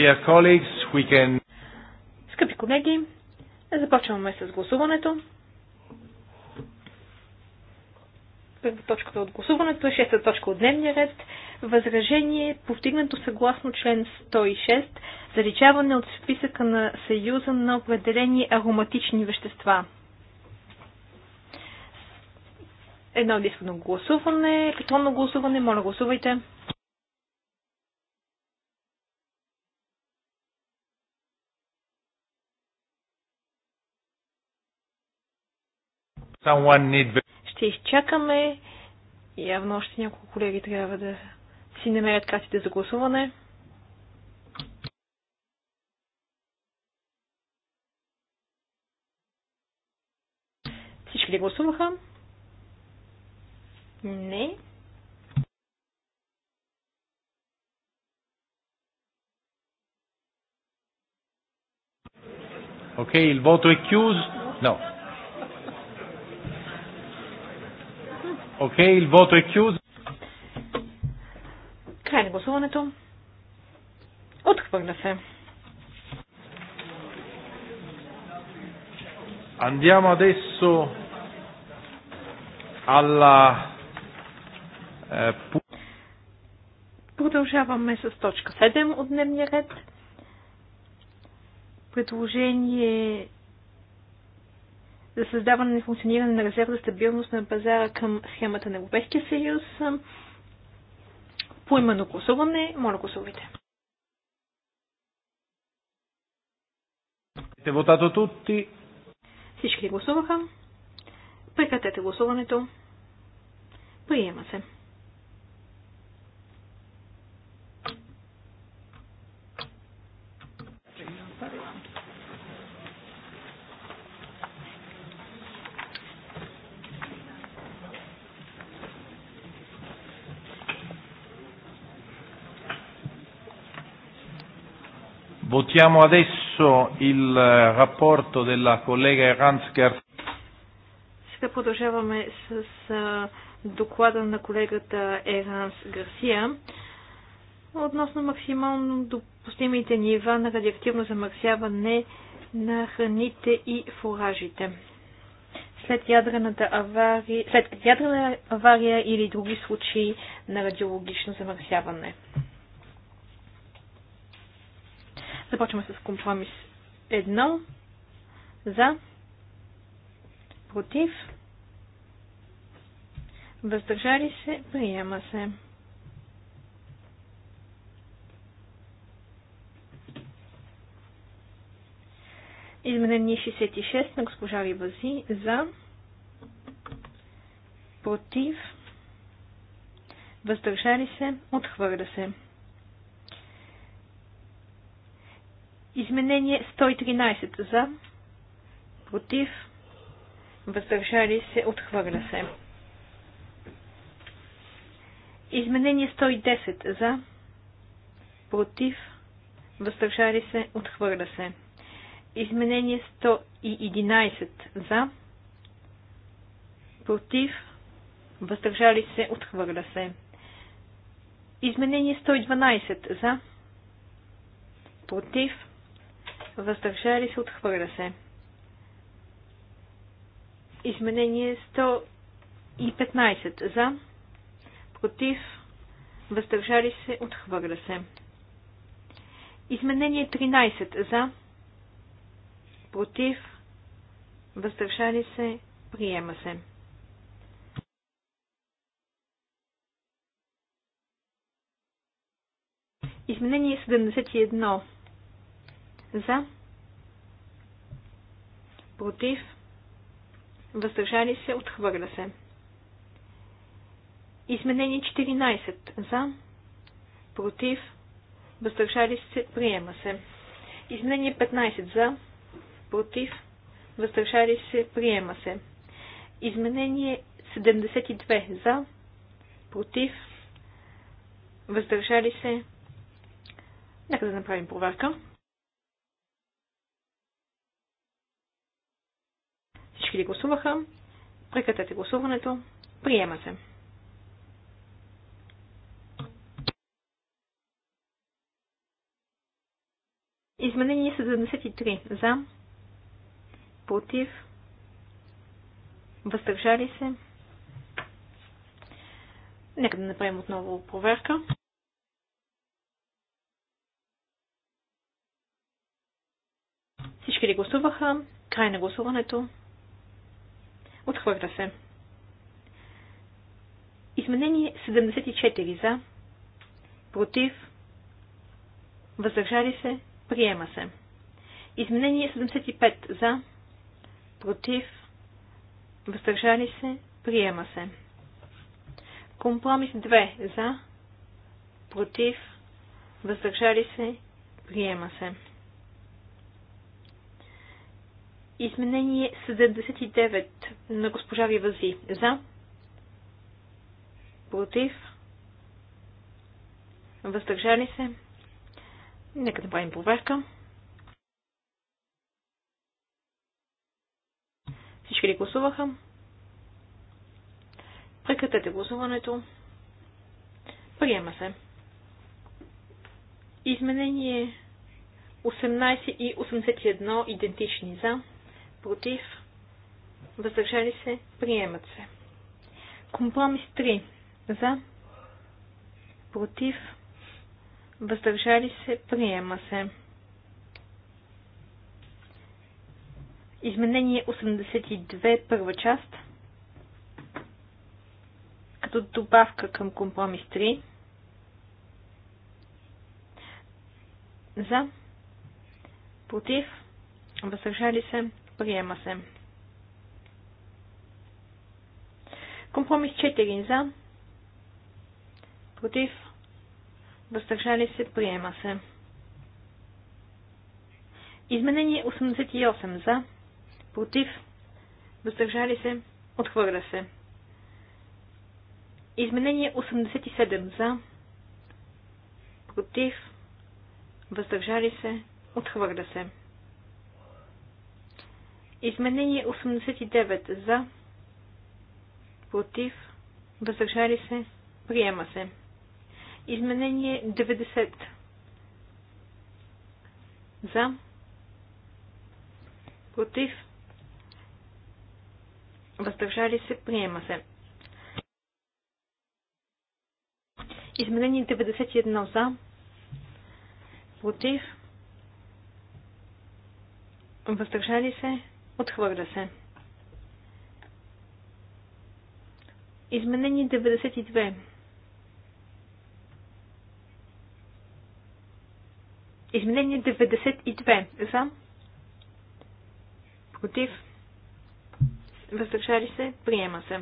A: Dear colleagues, we can... Скъпи колеги, започваме с гласуването. Първа точката от гласуването е шеста точка от дневния ред. Възражение, постигнато съгласно член 106, заличаване от списъка на Съюза на определени ароматични вещества. Едно единствено гласуване, електронно гласуване, моля гласувайте. Ще изчакаме. Явно още няколко колеги трябва да си намерят картите за гласуване. Всички ли гласуваха? Не. Ok, il voto è chiuso. No, Окей, okay, il voto е chiuso. Край на гласуването. Отхвърля се. Andiamo adesso
C: alla eh,
A: Продължаваме с точка 7 от дневния ред. Предложение за създаване и функциониране на резерв за стабилност на пазара към схемата на Европейския съюз. Поименно гласуване. Моля гласувайте. Всички гласуваха. Прекратете гласуването. Приема се.
B: Ascoltiamo adesso il eh, rapporto della collega Ransker.
A: Сега продължаваме с а, доклада на колегата Еранс Гарсия относно максимално допустимите нива на радиоактивно замърсяване на храните и фуражите. След ядрената авария, след ядрена авария или други случаи на радиологично замърсяване. Започваме с компромис 1. За. Против. Въздържали се. Приема се. Изменение 66 на госпожа Рибази за против въздържали се, отхвърля се. Изменение 113 за, против, въздържали се, отхвърля се. Изменение 110 за, против, въздържали се, отхвърля се. Изменение 111 за, против, въздържали се, отхвърля се. Изменение 112 за, против, въздържали се, отхвърля се. Изменение 115 за, против, въздържали се, отхвърля се. Изменение 13 за, против, въздържали се, приема се. Изменение 71 за. Против. Въздържали се. Отхвърля се. Изменение 14. За. Против. Въздържали се. Приема се. Изменение 15. За. Против. Въздържали се. Приема се. Изменение 72. За. Против. Въздържали се. Нека да направим проверка. Всички ли гласуваха? Прекратете гласуването. Приема се. Изменение 73. За. Против. Въздържали се. Нека да направим отново проверка. Всички ли гласуваха? Край на гласуването. Отхвърля се. Изменение 74 за. Против. Въздържали се. Приема се. Изменение 75 за. Против. Въздържали се. Приема се. Компромис 2 за. Против. Въздържали се. Приема се. Изменение 79 на госпожа Вивази. За. Против. Въздържали се. Нека да правим проверка. Всички ли гласуваха? Прекратете гласуването. Приема се. Изменение 18 и 81 идентични за против, въздържали се, приемат се. Компромис 3 за, против, въздържали се, приема се. Изменение 82, първа част, като добавка към компромис 3. За, против, въздържали се, Приема се. Компромис 4 за. Против. Въздържали се. Приема се. Изменение 88 за. Против. Въздържали се. Отхвърля се. Изменение 87 за. Против. Въздържали се. Отхвърля се. Изменение 89 за, против, въздържали се, приема се. Изменение 90 за, против, въздържали се, приема се. Изменение 91 за, против, въздържали се, Отхвърля се. Изменение 92. Изменение 92. За. Против. Въздържали се. Приема се.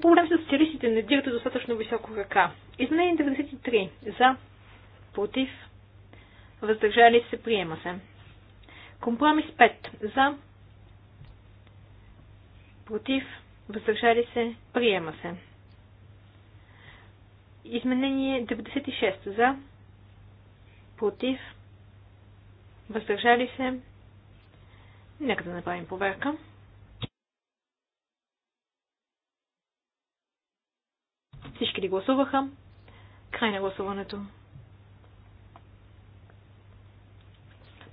A: проблем с социалистите. Не дигате достатъчно високо ръка. Изменение 93. За. Против въздържали се, приема се. Компромис 5. За, против, въздържали се, приема се. Изменение 96. За, против, въздържали се. Нека да направим проверка. Всички ли гласуваха? Край на гласуването.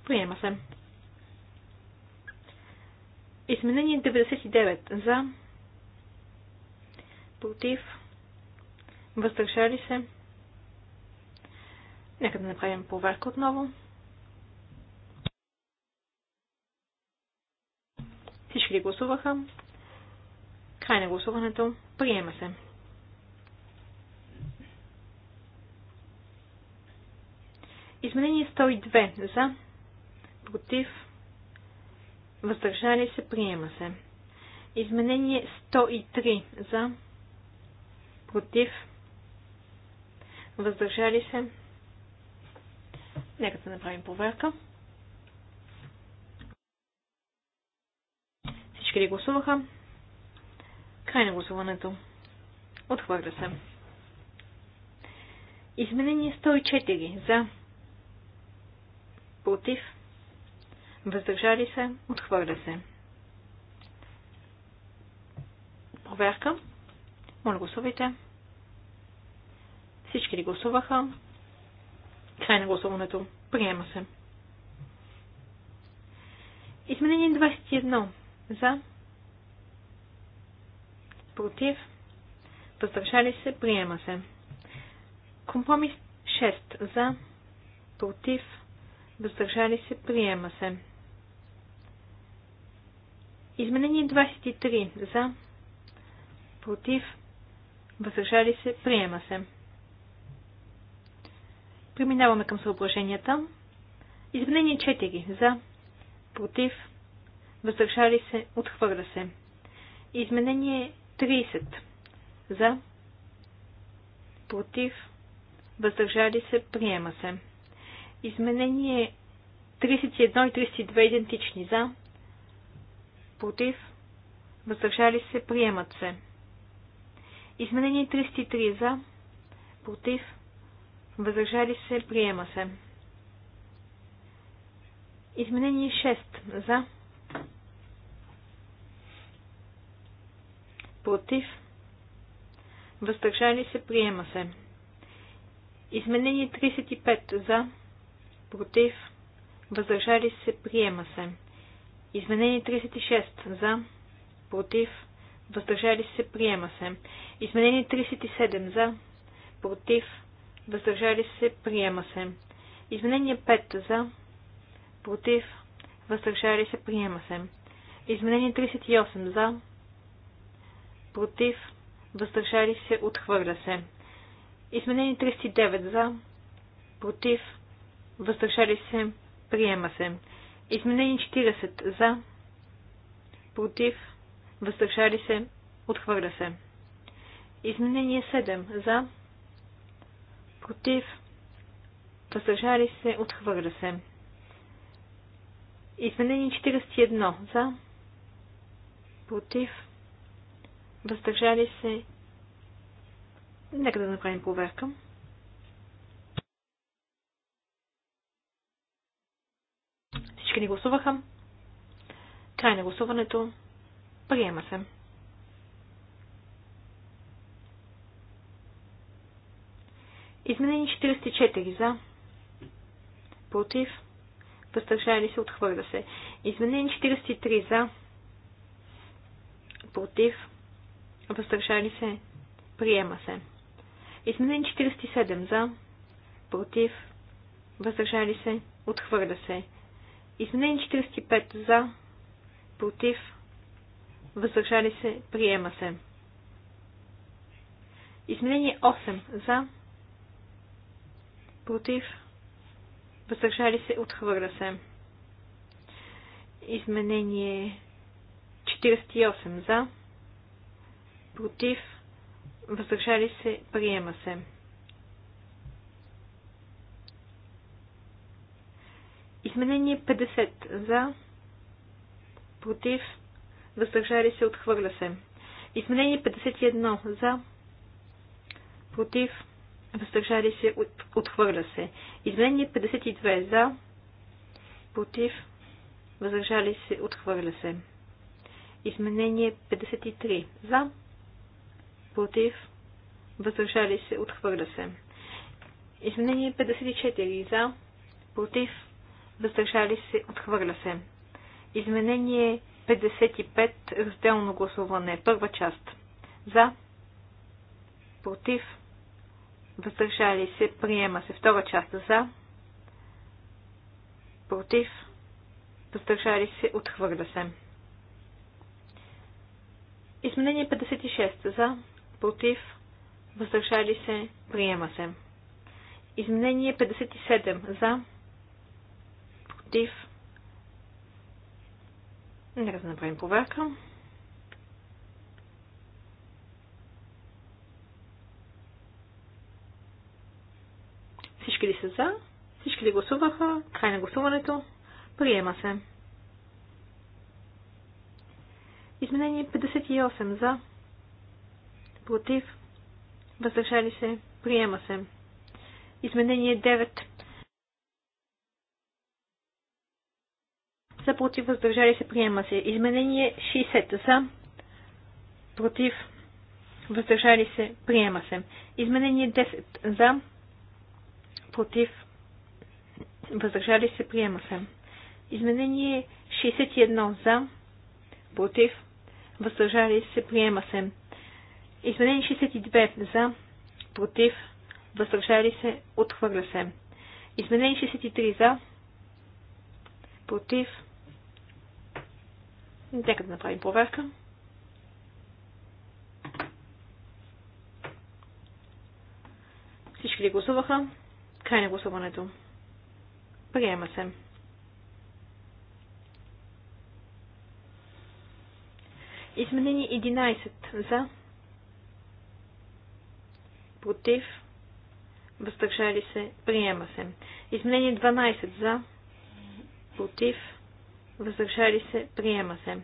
A: Приема се. Изменение 99 за против въздържали се. Нека да направим проверка отново. Всички ли гласуваха? Край на гласуването. Приема се. Изменение 102 за против, въздържали се, приема се. Изменение 103 за, против, въздържали се. Нека да направим проверка. Всички ли гласуваха? Край на гласуването. Отхвърля се. Изменение 104 за против Въздържали се? Отхвърля се. Проверка. Моля гласувайте. Всички ли гласуваха? Край на гласуването. Приема се. Изменение 21. За. Против. Въздържали се. Приема се. Компромис 6. За. Против. Въздържали се. Приема се. Изменение 23. За. Против. Въздържали се. Приема се. Преминаваме към съображенията. Изменение 4. За. Против. Въздържали се. Отхвърля се. Изменение 30. За. Против. Въздържали се. Приема се. Изменение 31 и 32 идентични. За против, въздържали се, приемат се. Изменение 33 за, против, въздържали се, приема се. Изменение 6 за, против, въздържали се, приема се. Изменение 35 за, против, въздържали се, приема се. Изменение 36 за, против, въздържали се, приема се. Изменение 37 за, против, въздържали се, приема се. Изменение 5 за, против, въздържали се, приема се. Изменение 38 за, против, въздържали се, отхвърля се. Изменение 39 за, против, въздържали се, приема се. Изменени 40. За. Против. Въздържали се. Отхвърля се. Изменение 7. За. Против. Въздържали се. Отхвърля се. Изменение 41. За. Против. Въздържали се. Нека да направим проверка. Всички ни гласуваха. Край на гласуването. Приема се. Изменени 44 за. Против. Въздържали се. Отхвърля се. Изменени 43 за. Против. Въздържали се. Приема се. Изменени 47 за. Против. Въздържали се. Отхвърля се. Изменение 45 за, против, въздържали се, приема се. Изменение 8 за, против, въздържали се, отхвърля се. Изменение 48 за, против, въздържали се, приема се. Изменение 50 за, против, въздържали се, отхвърля се. Изменение 51 за, против, въздържали се, отхвърля се. Изменение 52 за, против, въздържали се, отхвърля се. Изменение 53 за, против, въздържали се, отхвърля се. Изменение 54 за, против, въздържали се, отхвърля се. Изменение 55, разделно гласуване, първа част. За, против, въздържали се, приема се. Втора част за, против, въздържали се, отхвърля се. Изменение 56 за, против, въздържали се, приема се. Изменение 57 за, против. Нека да направим проверка. Всички ли са за? Всички ли гласуваха? Край на гласуването. Приема се. Изменение 58 за. Против. Въздържали се. Приема се. Изменение 9 за против въздържали се приема се. Изменение 60 за против въздържали се приема се. Изменение 10 за против въздържали се приема се. Изменение 61 за против въздържали се приема се. Изменение 62 за против въздържали се отхвърля се. Изменение 63 за против, Нека да направим проверка. Всички ли гласуваха? Край на гласуването. Приема се. Изменени 11 за. Против. Въздържали се. Приема се. Изменени 12 за. Против въздържали се, приема се.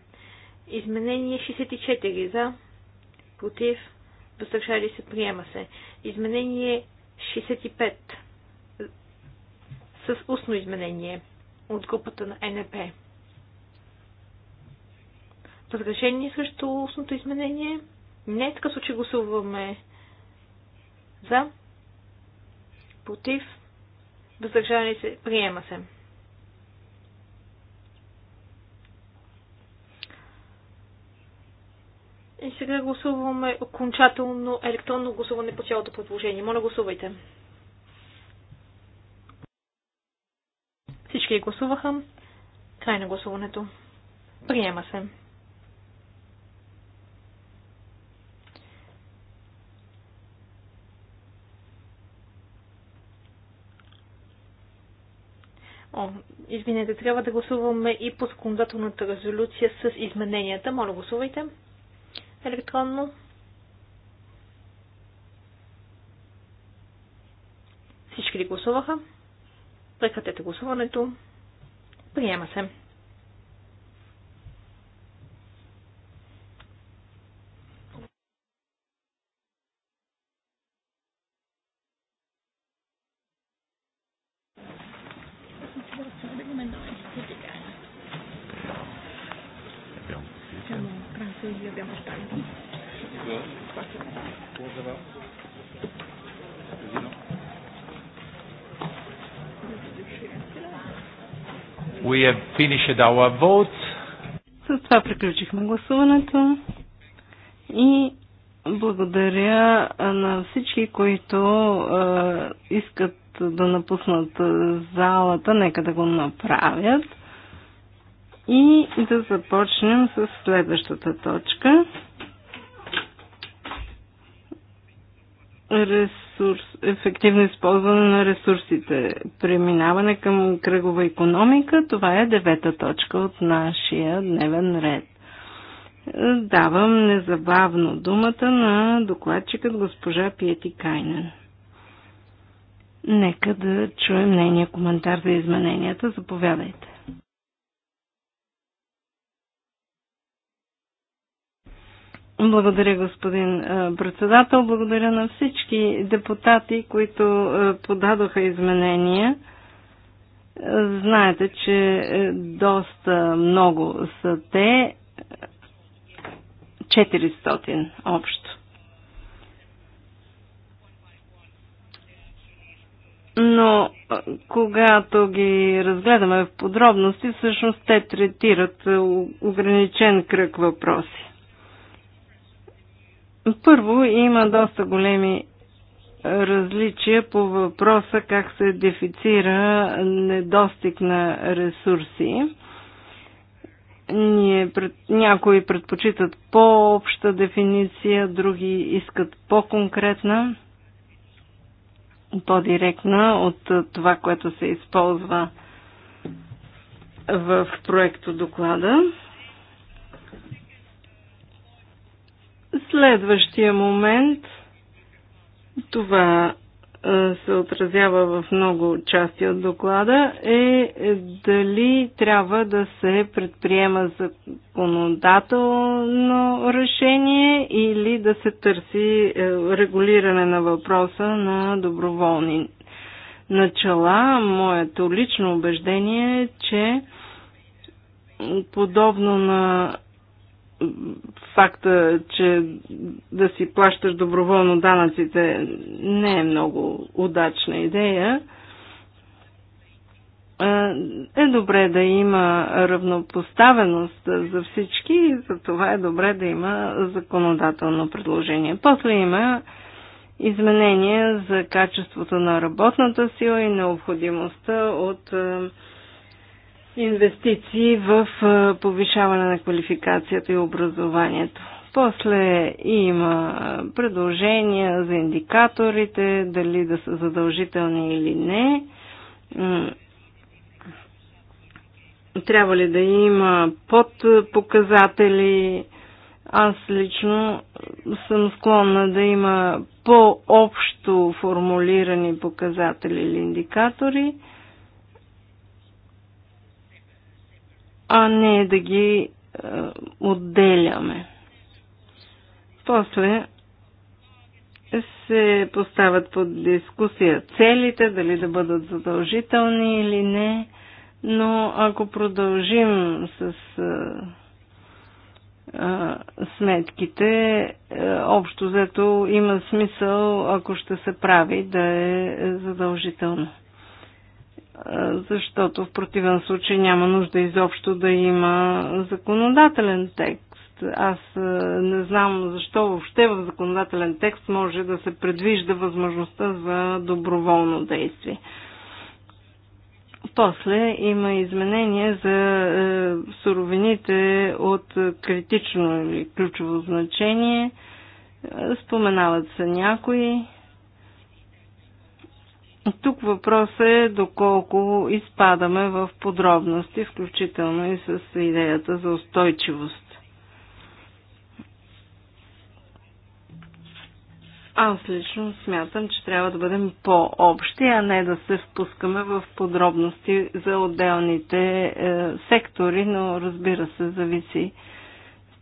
A: Изменение 64 за, против, въздържали се, приема се. Изменение 65 с устно изменение от групата на НП. Възражение срещу устното изменение? Не, така случай гласуваме за, против, въздържали се, приема се. сега гласуваме окончателно електронно гласуване по цялото предложение. Моля, гласувайте. Всички гласуваха. Край на гласуването. Приема се. О, извинете, трябва да гласуваме и по законодателната резолюция с измененията. Моля, гласувайте електронно. Всички ли гласуваха? Прекратете гласуването. Приема се. finished our votes.
B: С това приключихме гласуването и благодаря на всички, които е, искат да напуснат залата. Нека да го направят. И да започнем с следващата точка. ресурс, ефективно използване на ресурсите, преминаване към кръгова економика, това е девета точка от нашия дневен ред. Давам незабавно думата на докладчикът госпожа Пиети Кайнен. Нека да чуем нейния коментар за измененията. Заповядайте. Благодаря, господин председател. Благодаря на всички депутати, които подадоха изменения. Знаете, че е, доста много са те. 400 общо. Но когато ги разгледаме в подробности, всъщност те третират ограничен кръг въпроси. Първо, има доста големи различия по въпроса как се дефицира недостиг на ресурси. Ние, пред, някои предпочитат по-обща дефиниция, други искат по-конкретна, по-директна от това, което се използва в проекто доклада. Следващия момент, това се отразява в много части от доклада, е дали трябва да се предприема законодателно решение или да се търси е, регулиране на въпроса на доброволни начала. Моето лично убеждение е, че подобно на факта, че да си плащаш доброволно данъците не е много удачна идея, е добре да има равнопоставеност за всички и за това е добре да има законодателно предложение. После има изменения за качеството на работната сила и необходимостта от инвестиции в повишаване на квалификацията и образованието. После има предложения за индикаторите, дали да са задължителни или не. Трябва ли да има подпоказатели? Аз лично съм склонна да има по-общо формулирани показатели или индикатори а не да ги е, отделяме. После се поставят под дискусия целите, дали да бъдат задължителни или не, но ако продължим с е, е, сметките, общо взето има смисъл, ако ще се прави, да е задължително защото в противен случай няма нужда изобщо да има законодателен текст. Аз е, не знам защо въобще в законодателен текст може да се предвижда възможността за доброволно действие. После има изменение за е, суровините от критично или ключово значение. Е, споменават се някои тук въпросът е доколко изпадаме в подробности, включително и с идеята за устойчивост. Аз лично смятам, че трябва да бъдем по-общи, а не да се впускаме в подробности за отделните е, сектори, но разбира се, зависи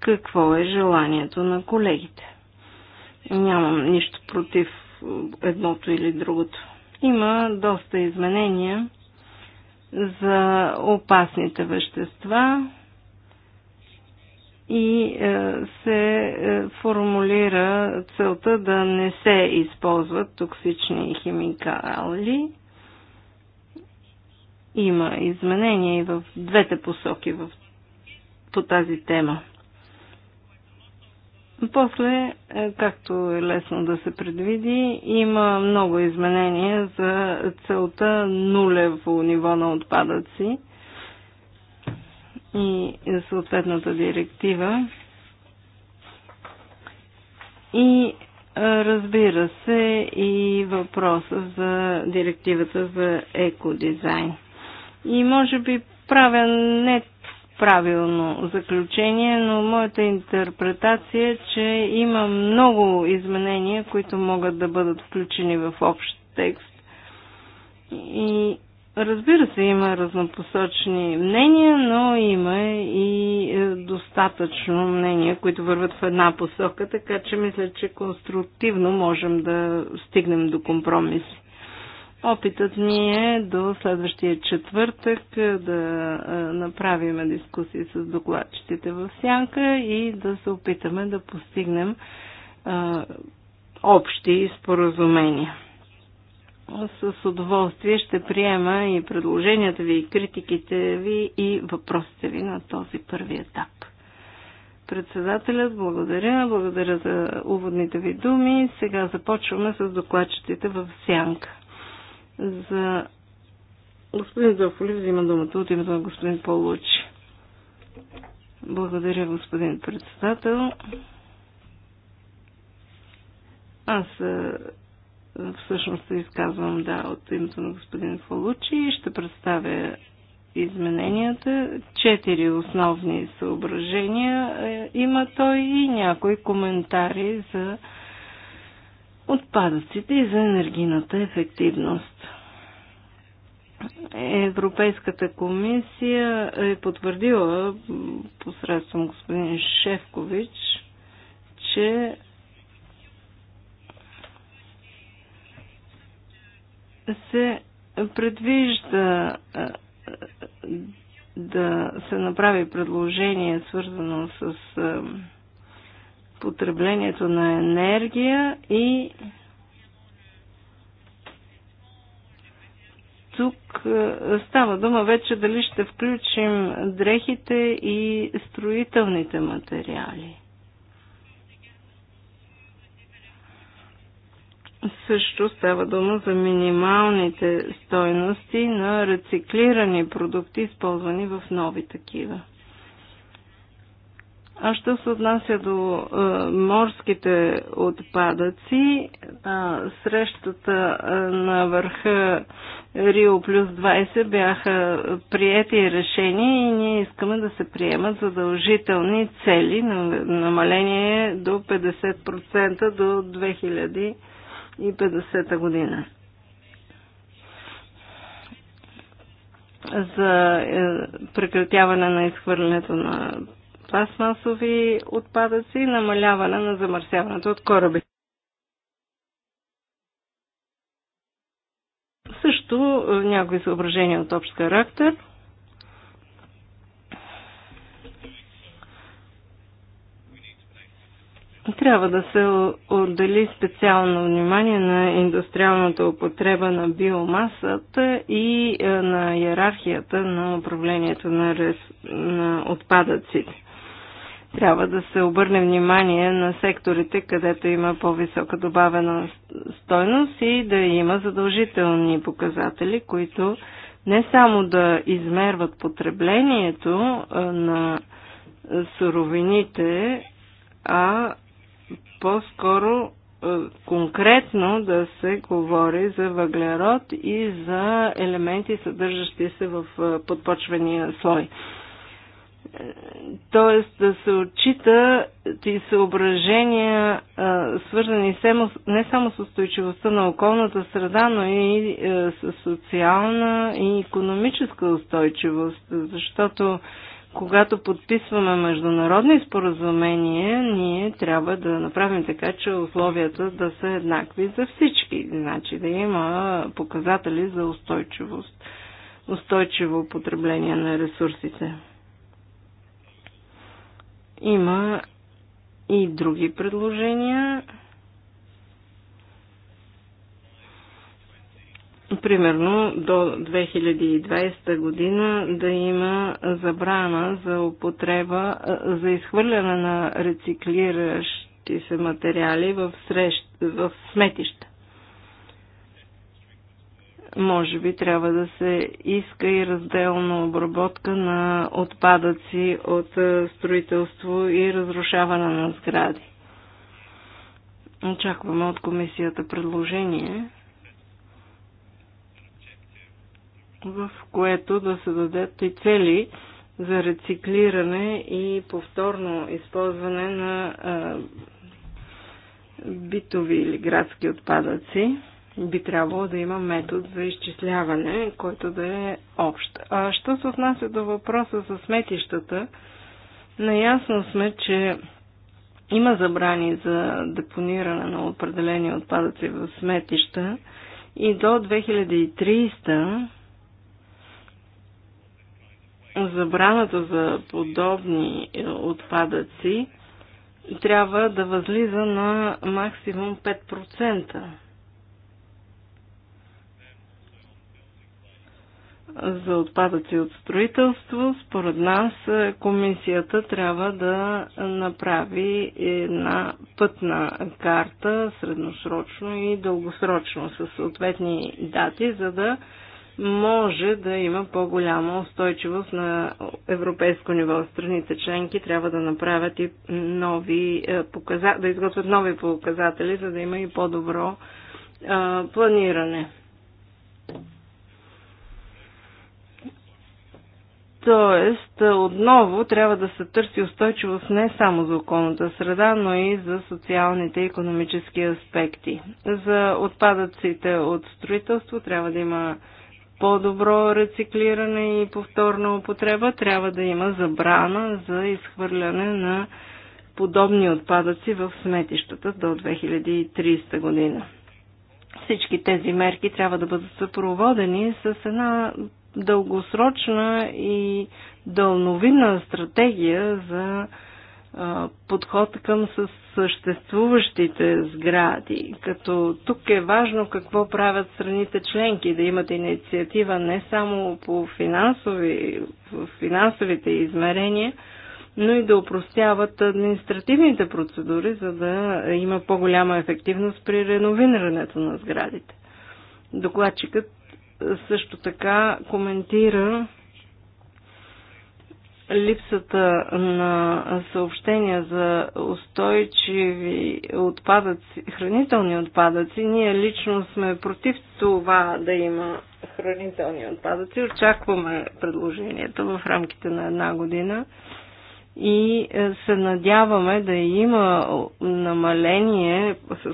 B: какво е желанието на колегите. Нямам нищо против е, едното или другото. Има доста изменения за опасните вещества и е, се е, формулира целта да не се използват токсични химикали. Има изменения и в двете посоки в, по тази тема. После, е, както е лесно да се предвиди, има много изменения за целта нулево ниво на отпадъци и съответната директива. И е, разбира се и въпроса за директивата за екодизайн. И може би правя не правилно заключение, но моята интерпретация е, че има много изменения, които могат да бъдат включени в общ текст. И разбира се, има разнопосочни мнения, но има и е, достатъчно мнения, които върват в една посока, така че мисля, че конструктивно можем да стигнем до компромиси. Опитът ми е до следващия четвъртък е, да е, направим дискусии с докладчиците в сянка и да се опитаме да постигнем е, общи споразумения. С удоволствие ще приема и предложенията ви, и критиките ви, и въпросите ви на този първи етап. Председателят, благодаря. Благодаря за уводните ви думи. Сега започваме с докладчетите в сянка за господин Зофолив взима думата от името на господин Получи. Благодаря, господин председател. Аз е, всъщност се изказвам да от името на господин Фалучи и ще представя измененията. Четири основни съображения е, има той и някои коментари за отпадъците и за енергийната ефективност. Европейската комисия е потвърдила посредством господин Шефкович, че се предвижда да се направи предложение свързано с потреблението на енергия и тук е, става дума вече дали ще включим дрехите и строителните материали. Също става дума за минималните стойности на рециклирани продукти, използвани в нови такива. А що се отнася до е, морските отпадъци, а, срещата е, на върха Рио плюс 20 бяха приети решения и ние искаме да се приемат задължителни цели на намаление до 50% до 2050 година. за е, прекратяване на изхвърлянето на пластмасови отпадъци и намаляване на замърсяването от кораби. Също е, някои съображения от общ характер. Трябва да се отдели специално внимание на индустриалната употреба на биомасата и е, на иерархията на управлението на, рез... на отпадъците трябва да се обърне внимание на секторите, където има по-висока добавена стойност и да има задължителни показатели, които не само да измерват потреблението на суровините, а по-скоро конкретно да се говори за въглерод и за елементи, съдържащи се в подпочвения слой т.е. да се отчита и съображения, свързани не само с устойчивостта на околната среда, но и с социална и економическа устойчивост, защото когато подписваме международни споразумения, ние трябва да направим така, че условията да са еднакви за всички, значи да има показатели за устойчивост, устойчиво потребление на ресурсите. Има и други предложения. Примерно до 2020 година да има забрана за употреба, за изхвърляне на рециклиращи се материали в, срещ, в сметища може би трябва да се иска и разделна обработка на отпадъци от е, строителство и разрушаване на сгради. Очакваме от комисията предложение, в което да се дадат и цели за рециклиране и повторно използване на е, битови или градски отпадъци би трябвало да има метод за изчисляване, който да е общ. А що се отнася до въпроса за сметищата, наясно сме, че има забрани за депониране на определени отпадъци в сметища и до 2300 забраната за подобни отпадъци трябва да възлиза на максимум 5%. за отпадъци от строителство, според нас е, комисията трябва да направи една пътна карта, средносрочно и дългосрочно, с съответни дати, за да може да има по-голяма устойчивост на европейско ниво. Страните членки трябва да направят и нови е, показатели, да изготвят нови показатели, за да има и по-добро е, планиране. Тоест, отново трябва да се търси устойчивост не само за околната среда, но и за социалните и економически аспекти. За отпадъците от строителство трябва да има по-добро рециклиране и повторна употреба, трябва да има забрана за изхвърляне на подобни отпадъци в сметищата до 2030 година. Всички тези мерки трябва да бъдат съпроводени с една дългосрочна и дълновинна стратегия за подход към съществуващите сгради, като тук е важно какво правят страните членки, да имат инициатива не само по финансови, финансовите измерения, но и да упростяват административните процедури, за да има по-голяма ефективност при реновирането на сградите. Докладчикът също така коментира липсата на съобщения за устойчиви отпадъци, хранителни отпадъци. Ние лично сме против това да има хранителни отпадъци. Очакваме предложението в рамките на една година и е, се надяваме да има намаление с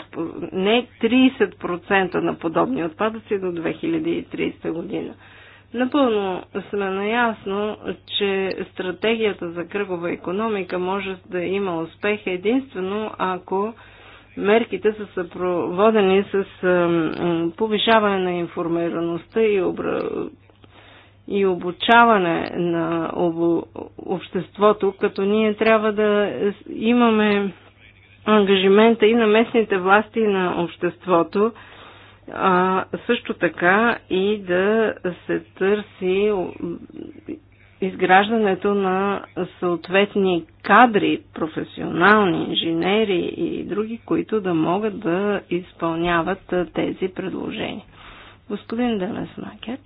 B: не 30% на подобни отпадъци до 2030 година. Напълно сме наясно, че стратегията за кръгова економика може да има успех единствено ако мерките са съпроводени с повишаване на информираността и и обучаване на обществото, като ние трябва да имаме ангажимента и на местните власти, и на обществото, а също така и да се търси изграждането на съответни кадри, професионални инженери и други, които да могат да изпълняват тези предложения. Господин Макет.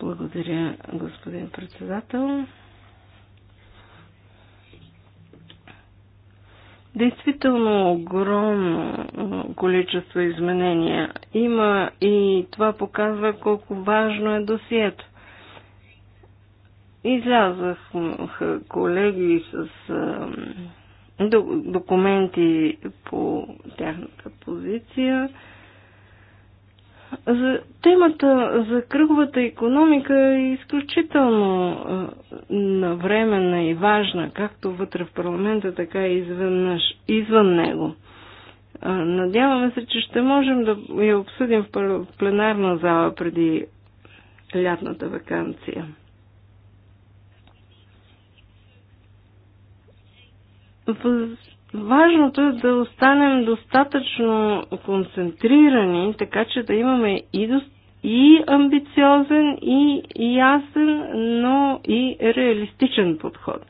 B: Благодаря, господин председател. Действително огромно количество изменения има и това показва колко важно е досието. Излязах колеги с документи по тяхната позиция за темата за кръговата економика е изключително навременна и важна, както вътре в парламента, така и извъннъж, извън него. Надяваме се, че ще можем да я обсъдим в пленарна зала преди лятната вакансия. Важното е да останем достатъчно концентрирани, така че да имаме и, до, и амбициозен, и ясен, но и реалистичен подход.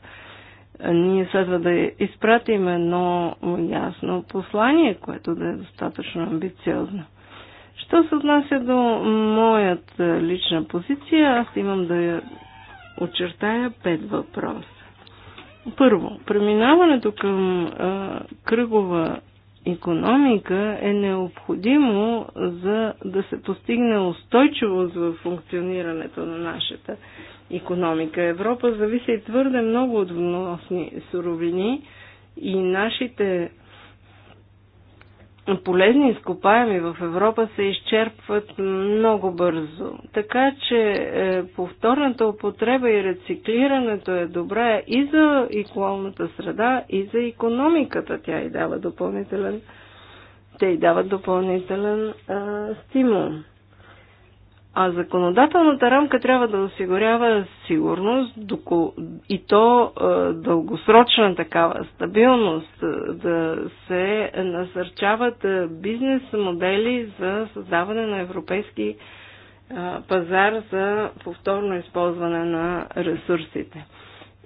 B: Ние следва да изпратим едно ясно послание, което да е достатъчно амбициозно. Що се отнася до моята лична позиция, аз имам да я очертая пет въпроса. Първо, преминаването към а, кръгова економика е необходимо за да се постигне устойчивост в функционирането на нашата економика. Европа зависи твърде много от вносни суровини и нашите полезни изкопаеми в Европа се изчерпват много бързо. Така че е, повторната употреба и рециклирането е добра и за околната среда, и за економиката. Тя и дава допълнителен, те и дават допълнителен е, стимул. А законодателната рамка трябва да осигурява сигурност и то е, дългосрочна такава стабилност, е, да се насърчават е, бизнес модели за създаване на европейски пазар за повторно използване на ресурсите.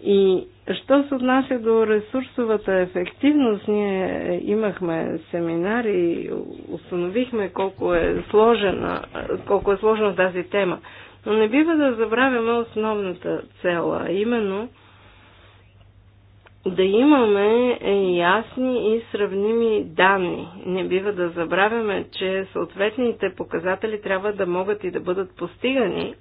B: И що се отнася до ресурсовата ефективност, ние имахме семинари и установихме колко е сложена, колко е сложна тази тема. Но не бива да забравяме основната цел, а именно да имаме ясни и сравними данни. Не бива да забравяме, че съответните показатели трябва да могат и да бъдат постигани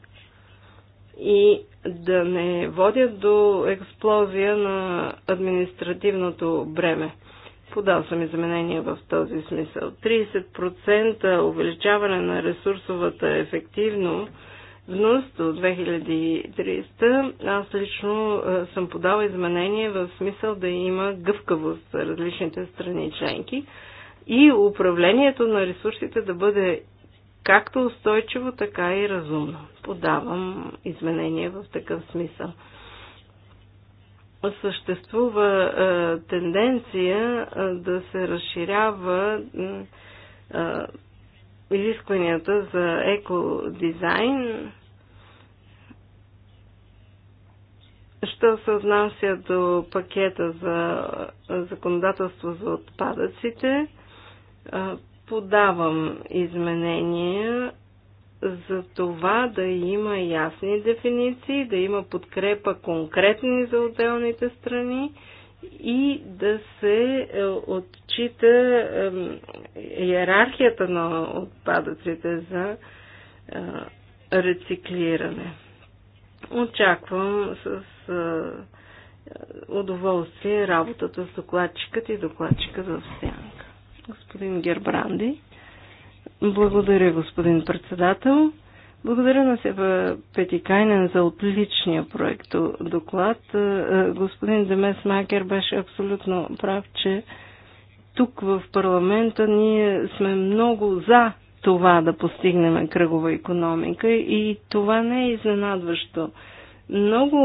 B: и да не водят до експлозия на административното бреме. Подал съм изменения в този смисъл. 30% увеличаване на ресурсовата ефективност ност до 2300. Аз лично е, съм подал изменение в смисъл да има гъвкавост за различните страни членки и управлението на ресурсите да бъде както устойчиво, така и разумно. Подавам изменения в такъв смисъл. Съществува е, тенденция е, да се разширява е, изискванията за екодизайн. Що се отнася до пакета за е, законодателство за отпадъците, е, подавам изменения за това да има ясни дефиниции, да има подкрепа конкретни за отделните страни и да се е, отчита иерархията на отпадъците за е, рециклиране. Очаквам с е, удоволствие работата с докладчикът и докладчика за всяка господин Гербранди. Благодаря, господин председател. Благодаря на Себа Петикайнен за отличния проект доклад. Е, господин Демес Макер беше абсолютно прав, че тук в парламента ние сме много за това да постигнем кръгова економика и това не е изненадващо много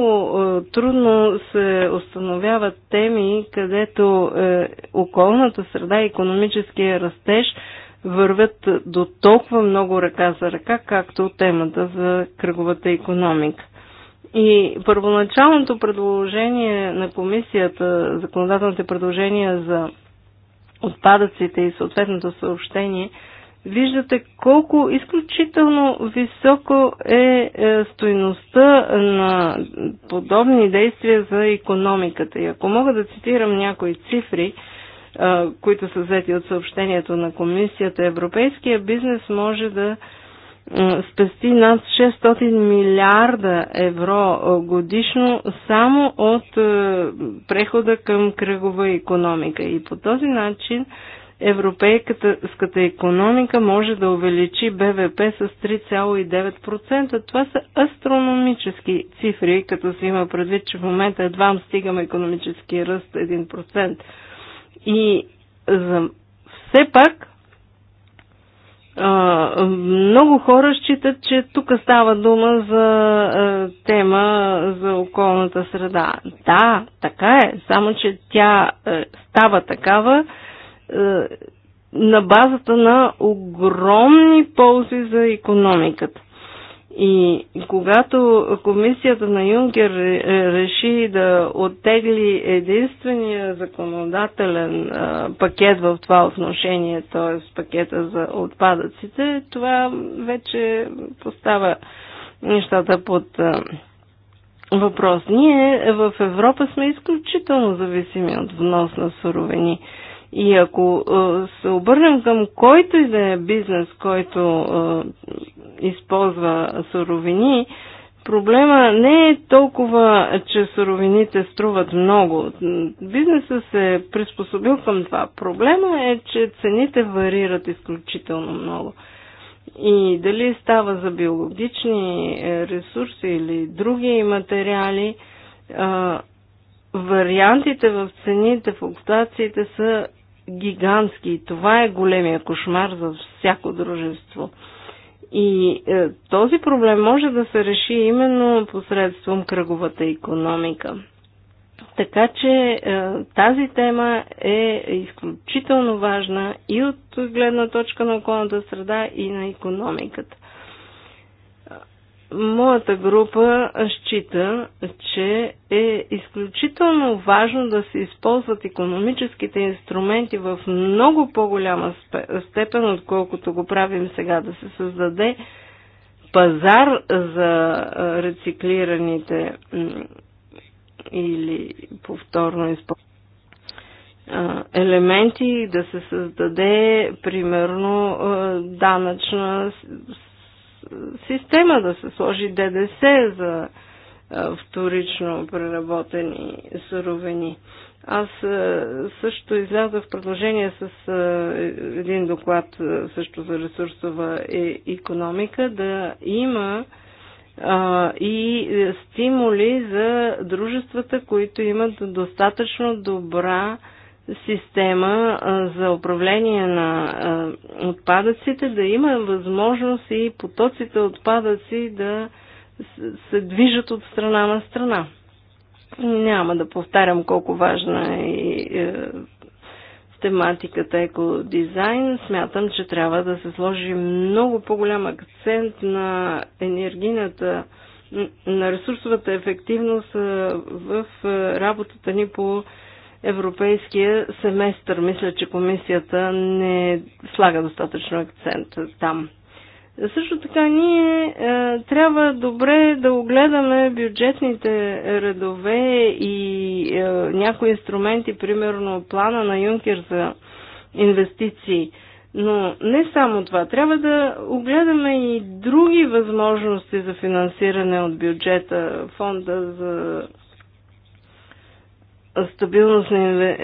B: е, трудно се установяват теми, където е, околната среда и економическия растеж вървят до толкова много ръка за ръка, както темата за кръговата економика. И първоначалното предложение на комисията, законодателните предложения за отпадъците и съответното съобщение – виждате колко изключително високо е, е стоиността на подобни действия за економиката. И ако мога да цитирам някои цифри, е, които са взети от съобщението на комисията, европейския бизнес може да е, спести над 600 милиарда евро годишно само от прехода към кръгова економика. И по този начин европейската економика може да увеличи БВП с 3,9%. Това са астрономически цифри, като се има предвид, че в момента едва стигаме економически ръст 1%. И за все пак много хора считат, че тук става дума за тема за околната среда. Да, така е, само че тя става такава е, на базата на огромни ползи за економиката. И когато комисията на Юнкер е, реши да оттегли единствения законодателен е, пакет в това отношение, т.е. пакета за отпадъците, това вече поставя нещата под въпрос. Ние в Европа сме изключително зависими от внос на суровини. И ако се обърнем към който и да е бизнес, който използва суровини, проблема не е толкова, че суровините струват много. Бизнесът се е приспособил към това. Проблема е, че цените варират изключително много. И дали става за биологични е, ресурси или други материали, вариантите в цените, флуктуациите са гигантски. Това е големия кошмар за всяко дружество. И е, този проблем може да се реши именно посредством кръговата економика. Така че е, тази тема е изключително важна и от гледна точка на околната среда и на економиката. Моята група счита, че е изключително важно да се използват економическите инструменти в много по-голяма степен, отколкото го правим сега, да се създаде пазар за рециклираните или повторно използване елементи, да се създаде примерно данъчна система да се сложи ДДС за вторично преработени суровини. Аз също излязах в предложение с един доклад също за ресурсова економика да има и стимули за дружествата, които имат достатъчно добра система за управление на отпадъците, да има възможност и потоците отпадъци да се движат от страна на страна. Няма да повтарям колко важна е и е, тематиката екодизайн, смятам, че трябва да се сложи много по-голям акцент на енергийната, на ресурсовата ефективност в работата ни по европейския семестър. Мисля, че комисията не слага достатъчно акцент там. Също така ние е, трябва добре да огледаме бюджетните редове и е, някои инструменти, примерно плана на Юнкер за инвестиции. Но не само това, трябва да огледаме и други възможности за финансиране от бюджета, фонда за стабилност на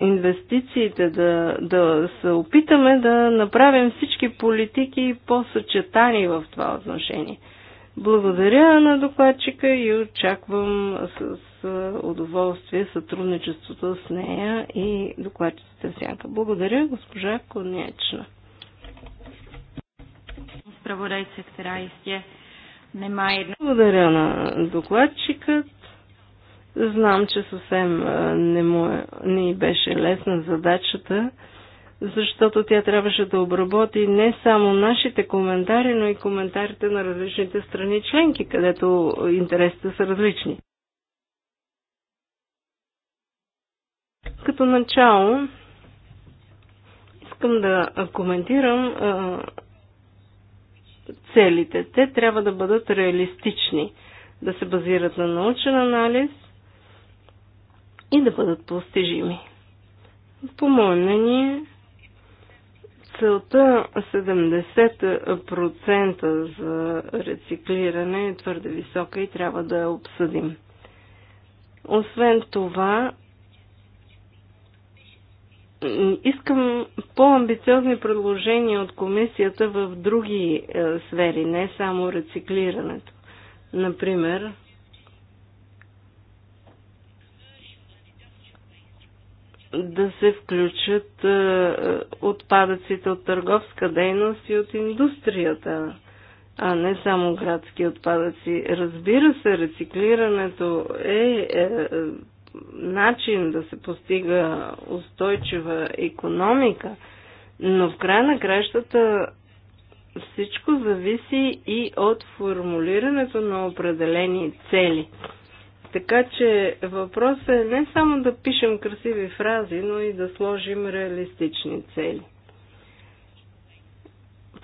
B: инвестициите, да, да се опитаме да направим всички политики по-съчетани в това отношение. Благодаря на докладчика и очаквам с удоволствие сътрудничеството с нея и докладчиците Сянка. Благодаря, госпожа Конечна. Благодаря на докладчикът Знам, че съвсем не, му, е, не беше лесна задачата, защото тя трябваше да обработи не само нашите коментари, но и коментарите на различните страни членки, където интересите са различни. Като начало искам да коментирам целите. Те трябва да бъдат реалистични, да се базират на научен анализ – и да бъдат постижими. По мое мнение, целта 70% за рециклиране е твърде висока и трябва да я обсъдим. Освен това, искам по-амбициозни предложения от комисията в други е, сфери, не само рециклирането. Например, да се включат е, отпадъците от търговска дейност и от индустрията, а не само градски отпадъци. Разбира се, рециклирането е, е, е начин да се постига устойчива економика, но в края на кращата всичко зависи и от формулирането на определени цели. Така че въпросът е не само да пишем красиви фрази, но и да сложим реалистични цели.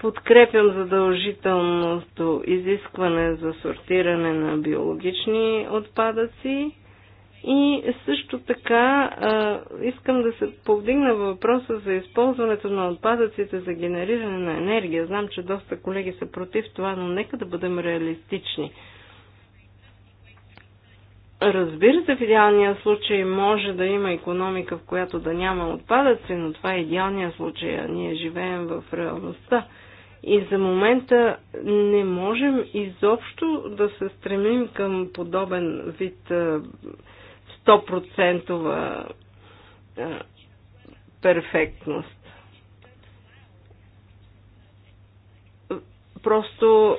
B: Подкрепям задължителното изискване за сортиране на биологични отпадъци и също така а, искам да се повдигна въпроса за използването на отпадъците за генериране на енергия. Знам, че доста колеги са против това, но нека да бъдем реалистични – Разбира се, в идеалния случай може да има економика, в която да няма отпадъци, но това е идеалния случай, а ние живеем в реалността. И за момента не можем изобщо да се стремим към подобен вид 100% перфектност. Просто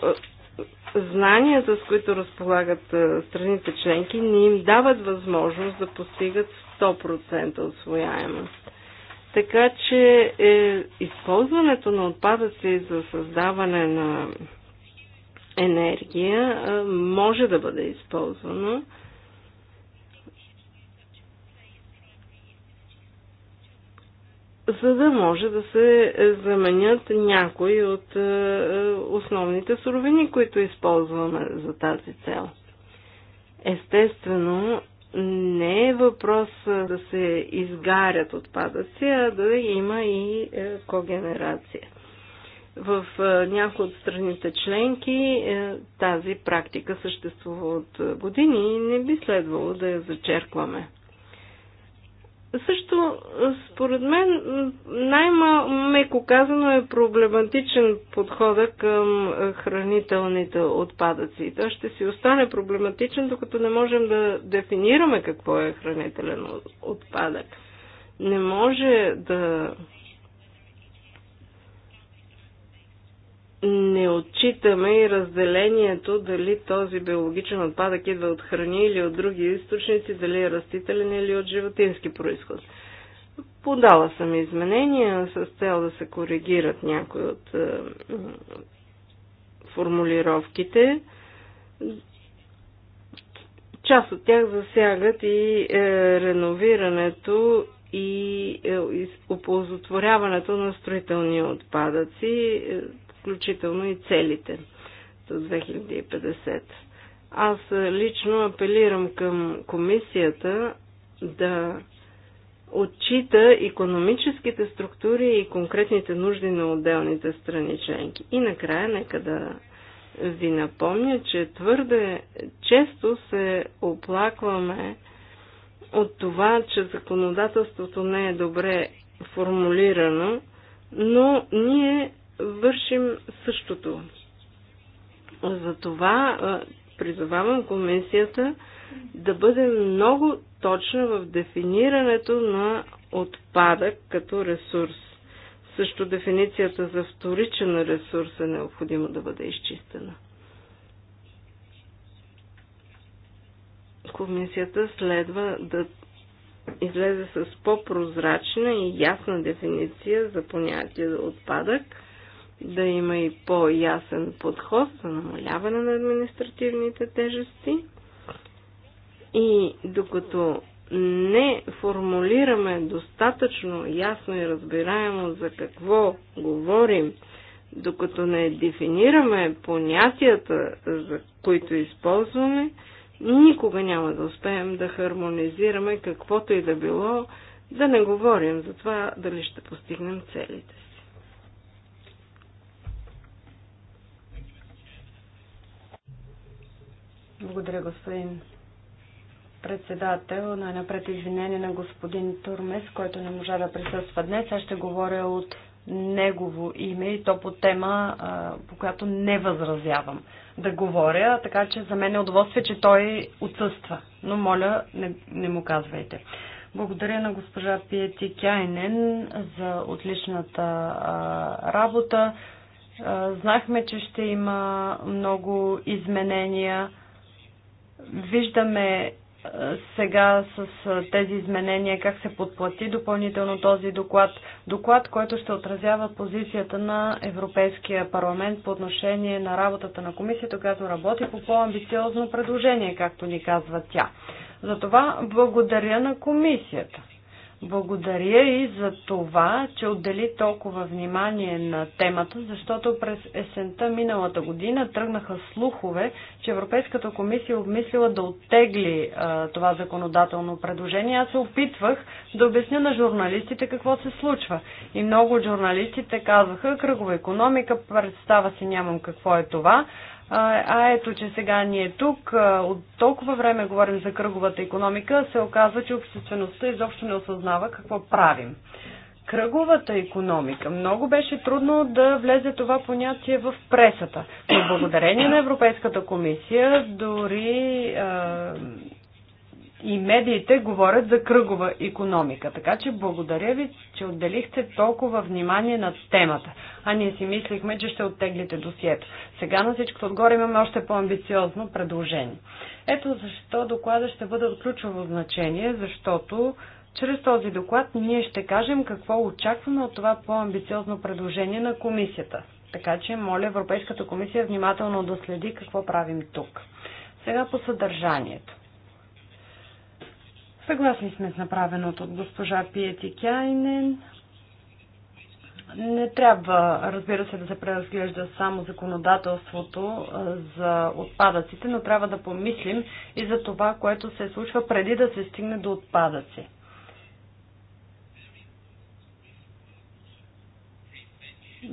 B: знанията, с които разполагат страните членки, не им дават възможност да постигат 100% освояемост. Така че е, използването на отпадъци за създаване на енергия е, може да бъде използвано за да може да се заменят някои от е, е, основните суровини, които използваме за тази цел. Естествено, не е въпрос е, да се изгарят отпадъци, а да има и когенерация. В някои от страните членки тази практика съществува от години и не би следвало да я зачеркваме. Също, според мен, най-меко казано е проблематичен подход към хранителните отпадъци. Той ще си остане проблематичен, докато не можем да дефинираме какво е хранителен отпадък. Не може да не отчитаме и разделението дали този биологичен отпадък идва от храни или от други източници, дали е растителен или от животински происход. Подала съм изменения с цел да се коригират някои от е, формулировките. Част от тях засягат и е, реновирането и е, оползотворяването на строителни отпадъци включително и целите до 2050. Аз лично апелирам към комисията да отчита економическите структури и конкретните нужди на отделните страни членки. И накрая нека да ви напомня, че твърде често се оплакваме от това, че законодателството не е добре формулирано, но ние вършим същото. Затова призовавам комисията да бъде много точна в дефинирането на отпадък като ресурс. Също дефиницията за вторичен ресурс е необходимо да бъде изчистена. Комисията следва да излезе с по-прозрачна и ясна дефиниция за понятие отпадък – да има и по-ясен подход за намаляване на административните тежести. И докато не формулираме достатъчно ясно и разбираемо за какво говорим, докато не дефинираме понятията, за които използваме, никога няма да успеем да хармонизираме каквото и да било, да не говорим за това дали ще постигнем
C: целите си. Благодаря, господин председател. Най-напред извинение на господин Турмес, който не можа да присъства днес. Аз ще говоря от негово име и то по тема, по която не възразявам да говоря, така че за мен е удоволствие, че той отсъства. Но моля, не, не му казвайте. Благодаря на госпожа Пиети Кяйнен за отличната а, работа. А, знахме, че ще има много изменения. Виждаме е, сега с е, тези изменения как се подплати допълнително този доклад. Доклад, който ще отразява позицията на Европейския парламент по отношение на работата на комисията, която работи по по-амбициозно предложение, както ни казва тя. Затова благодаря на комисията. Благодаря и за това, че отдели толкова внимание на темата, защото през есента миналата година тръгнаха слухове, че Европейската комисия е обмислила да оттегли а, това законодателно предложение. Аз се опитвах да обясня на журналистите какво се случва. И много от журналистите казваха кръгова економика, представа си нямам какво е това. А, а ето, че сега ние тук от толкова време говорим за кръговата економика, се оказва, че обществеността изобщо не осъзнава какво правим. Кръговата економика. Много беше трудно да влезе това понятие в пресата. Но благодарение на Европейската комисия, дори а, и медиите говорят за кръгова економика. Така че благодаря ви, че отделихте толкова внимание на темата. А ние си мислихме, че ще оттеглите досието. Сега на всичкото отгоре имаме още по-амбициозно предложение. Ето защо доклада ще бъде от ключово значение, защото чрез този доклад ние ще кажем какво очакваме от това по-амбициозно предложение на комисията. Така че, моля Европейската комисия внимателно да следи какво правим тук. Сега по съдържанието. Съгласни сме с направеното от госпожа Пиети Кяйнен. Не трябва, разбира се, да се преразглежда само законодателството за отпадъците, но трябва да помислим и за това, което се случва преди да се стигне до отпадъци.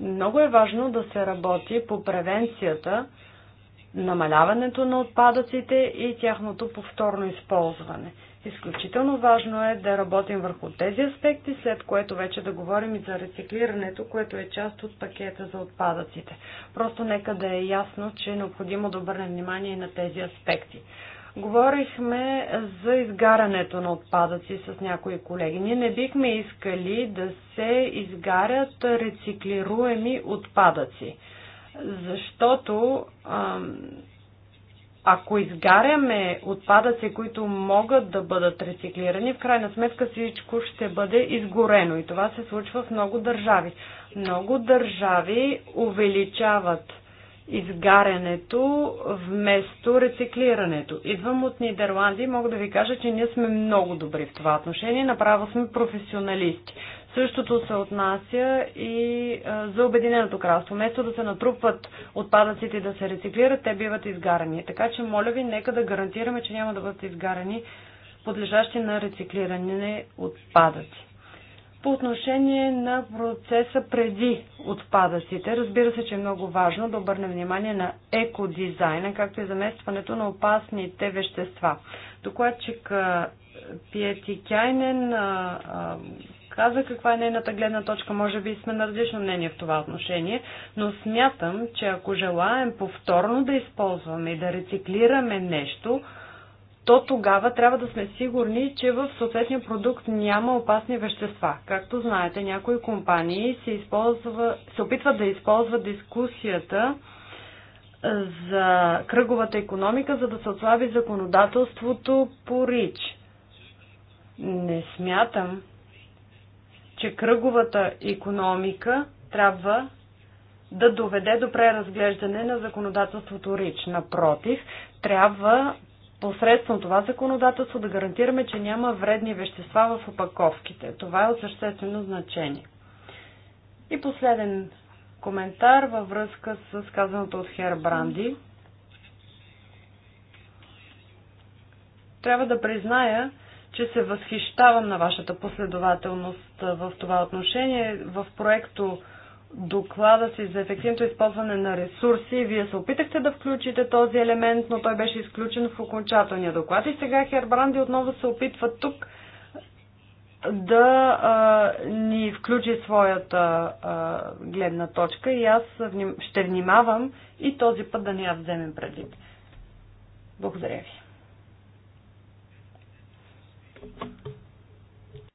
C: Много е важно да се работи по превенцията, намаляването на отпадъците и тяхното повторно използване – Изключително важно е да работим върху тези аспекти, след което вече да говорим и за рециклирането, което е част от пакета за отпадъците. Просто нека да е ясно, че е необходимо да обърнем внимание на тези аспекти. Говорихме за изгарането на отпадъци с някои колеги. Ние не бихме искали да се изгарят рециклируеми отпадъци, защото ам, ако изгаряме отпадъци, които могат да бъдат рециклирани, в крайна сметка всичко ще бъде изгорено. И това се случва в много държави. Много държави увеличават изгарянето вместо рециклирането. Идвам от Нидерландия и мога да ви кажа, че ние сме много добри в това отношение. Направо сме професионалисти. Същото се отнася и за Обединеното кралство. Вместо да се натрупват отпадъците и да се рециклират, те биват изгарани. Така че, моля ви, нека да гарантираме, че няма да бъдат изгарани подлежащи на рециклиране отпадъци. По отношение на процеса преди отпадъците, разбира се, че е много важно да обърнем внимание на екодизайна, както и заместването на опасните вещества. Докладчик Пиети Кайнен каза каква е нейната гледна точка. Може би сме на различно мнение в това отношение, но смятам, че ако желаем повторно да използваме и да рециклираме нещо, то тогава трябва да сме сигурни, че в съответния продукт няма опасни вещества. Както знаете, някои компании се, използва, се опитват да използват дискусията за кръговата економика, за да се отслаби законодателството по РИЧ. Не смятам, че кръговата економика трябва да доведе до преразглеждане на законодателството РИЧ. Напротив, трябва посредством това законодателство да гарантираме, че няма вредни вещества в опаковките. Това е от съществено значение. И последен коментар във връзка с казаното от Хер Бранди. Трябва да призная, че се възхищавам на вашата последователност в това отношение. В проекто доклада си за ефективното използване на ресурси. Вие се опитахте да включите този елемент, но той беше изключен в окончателния доклад. И сега Хербранди отново се опитва тук да а, ни включи своята а, гледна точка и аз ще внимавам и този път да ни я вземем предвид. Благодаря ви.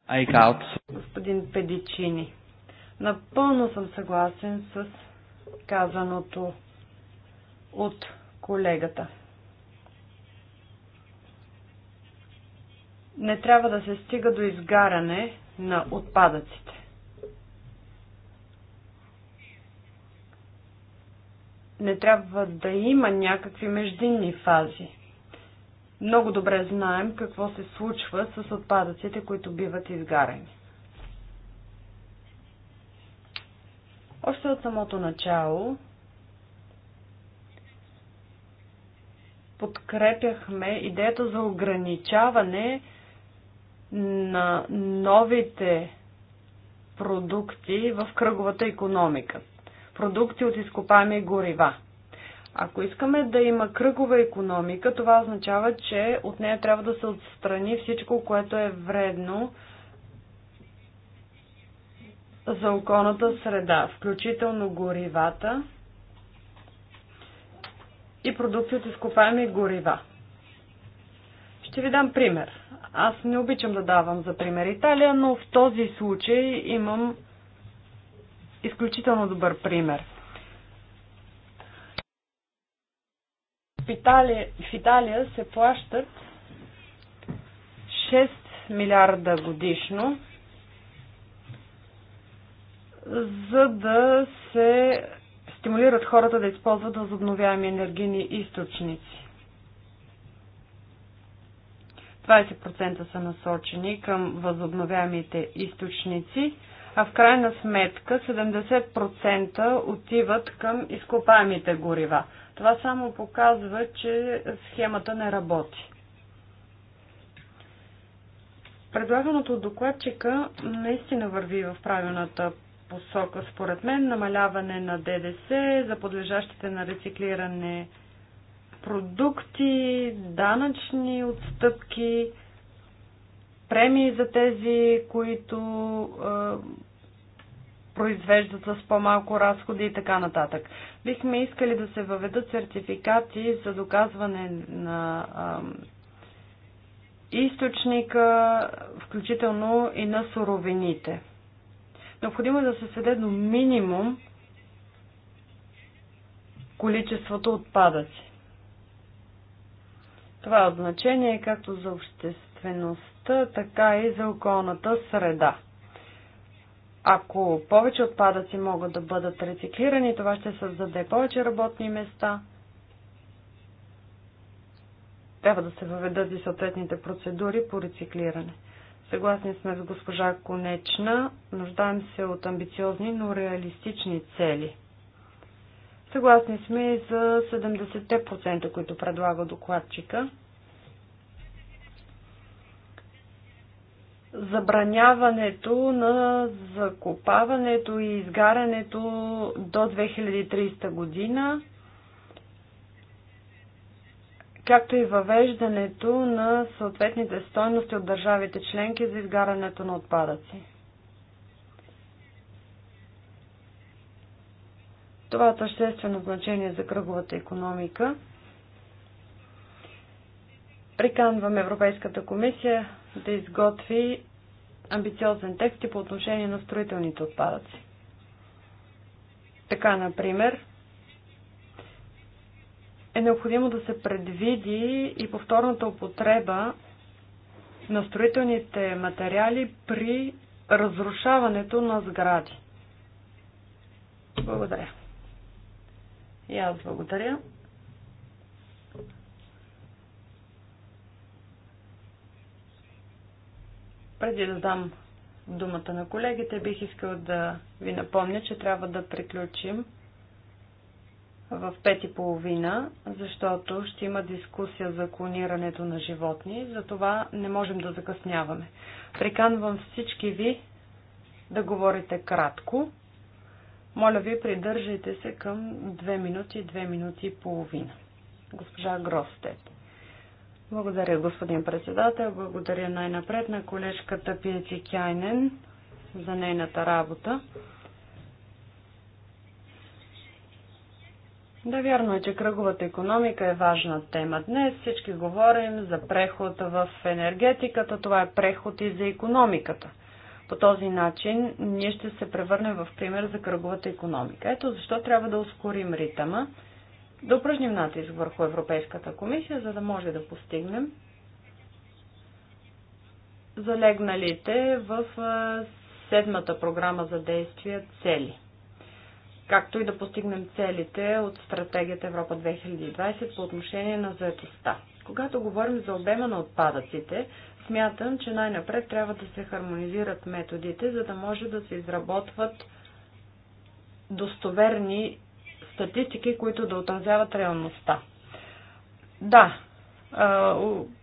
C: Айкаут. Господин Педичини, напълно съм съгласен с казаното от колегата. Не трябва да се стига до изгаране на отпадъците. Не трябва да има някакви междинни фази много добре знаем какво се случва с отпадъците, които биват изгарени. Още от самото начало подкрепяхме идеята за ограничаване на новите продукти в кръговата економика. Продукти от изкопаеми горива. Ако искаме да има кръгова економика, това означава, че от нея трябва да се отстрани всичко, което е вредно за околната среда, включително горивата и продукти от изкопаеми горива. Ще ви дам пример. Аз не обичам да давам за пример Италия, но в този случай имам изключително добър пример – в Италия, в Италия се плащат 6 милиарда годишно, за да се стимулират хората да използват възобновяеми енергийни източници. 20% са насочени към възобновяемите източници, а в крайна сметка 70% отиват към изкопаемите горива. Това само показва, че схемата не работи. Предлаганото от докладчика наистина върви в правилната посока, според мен, намаляване на ДДС за подлежащите на рециклиране продукти, данъчни отстъпки, премии за тези, които произвеждат с по-малко разходи и така нататък. Бихме искали да се въведат сертификати за доказване на източника, включително и на суровините. Необходимо е да се сведе до минимум количеството отпадъци. Това е от значение както за обществеността, така и за околната среда. Ако повече отпадъци могат да бъдат рециклирани, това ще създаде повече работни места. Трябва да се въведат и съответните процедури по рециклиране. Съгласни сме с госпожа Конечна, нуждаем се от амбициозни, но реалистични цели. Съгласни сме и за 70%, които предлага докладчика. забраняването на закопаването и изгарянето до 2030 година, както и въвеждането на съответните стойности от държавите членки за изгарянето на отпадъци. Това е съществено значение за кръговата економика. Приканвам Европейската комисия да изготви амбициозен текст и по отношение на строителните отпадъци. Така, например, е необходимо да се предвиди и повторната употреба на строителните материали при разрушаването на сгради. Благодаря. И аз благодаря. Преди да дам думата на колегите, бих искал да ви напомня, че трябва да приключим в пет и половина, защото ще има дискусия за клонирането на животни, затова не можем да закъсняваме. Приканвам всички ви да говорите кратко. Моля ви, придържайте се към 2 минути, 2 минути и половина. Госпожа Гростет. Благодаря, господин председател. Благодаря най-напред на колежката Пиети Кяйнен за нейната работа. Да, вярно е, че кръговата економика е важна тема. Днес всички говорим за преход в енергетиката. Това е преход и за економиката. По този начин ние ще се превърнем в пример за кръговата економика. Ето защо трябва да ускорим ритъма да упражним натиск върху Европейската комисия, за да може да постигнем залегналите в седмата програма за действие цели. Както и да постигнем целите от стратегията Европа 2020 по отношение на заетостта. Когато говорим за обема на отпадъците, смятам, че най-напред трябва да се хармонизират методите, за да може да се изработват достоверни статистики, които да отразяват реалността. Да,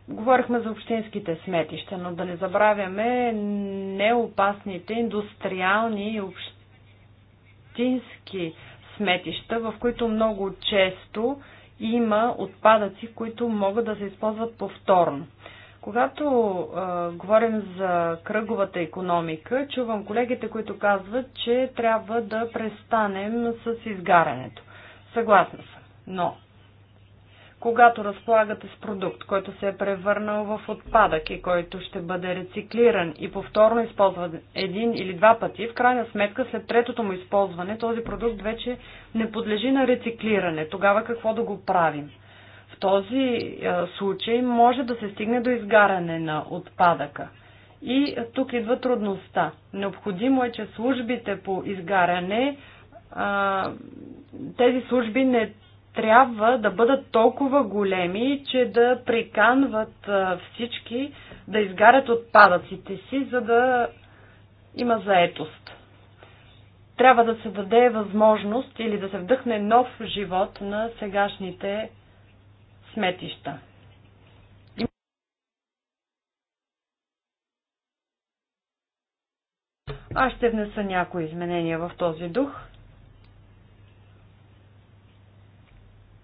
C: говорихме за общинските сметища, но да не забравяме неопасните индустриални и общински сметища, в които много често има отпадъци, които могат да се използват повторно. Когато а, говорим за кръговата економика, чувам колегите, които казват, че трябва да престанем с изгарянето. Съгласна съм. Но, когато разполагате с продукт, който се е превърнал в отпадък и който ще бъде рециклиран и повторно използван един или два пъти, в крайна сметка след третото му използване този продукт вече не подлежи на рециклиране. Тогава какво да го правим? този случай може да се стигне до изгаране на отпадъка. И тук идва трудността. Необходимо е, че службите по изгаряне, тези служби не трябва да бъдат толкова големи, че да приканват всички да изгарят отпадъците си, за да има заетост. Трябва да се даде възможност или да се вдъхне нов живот на сегашните сметища. Аз ще внеса някои изменения в този дух.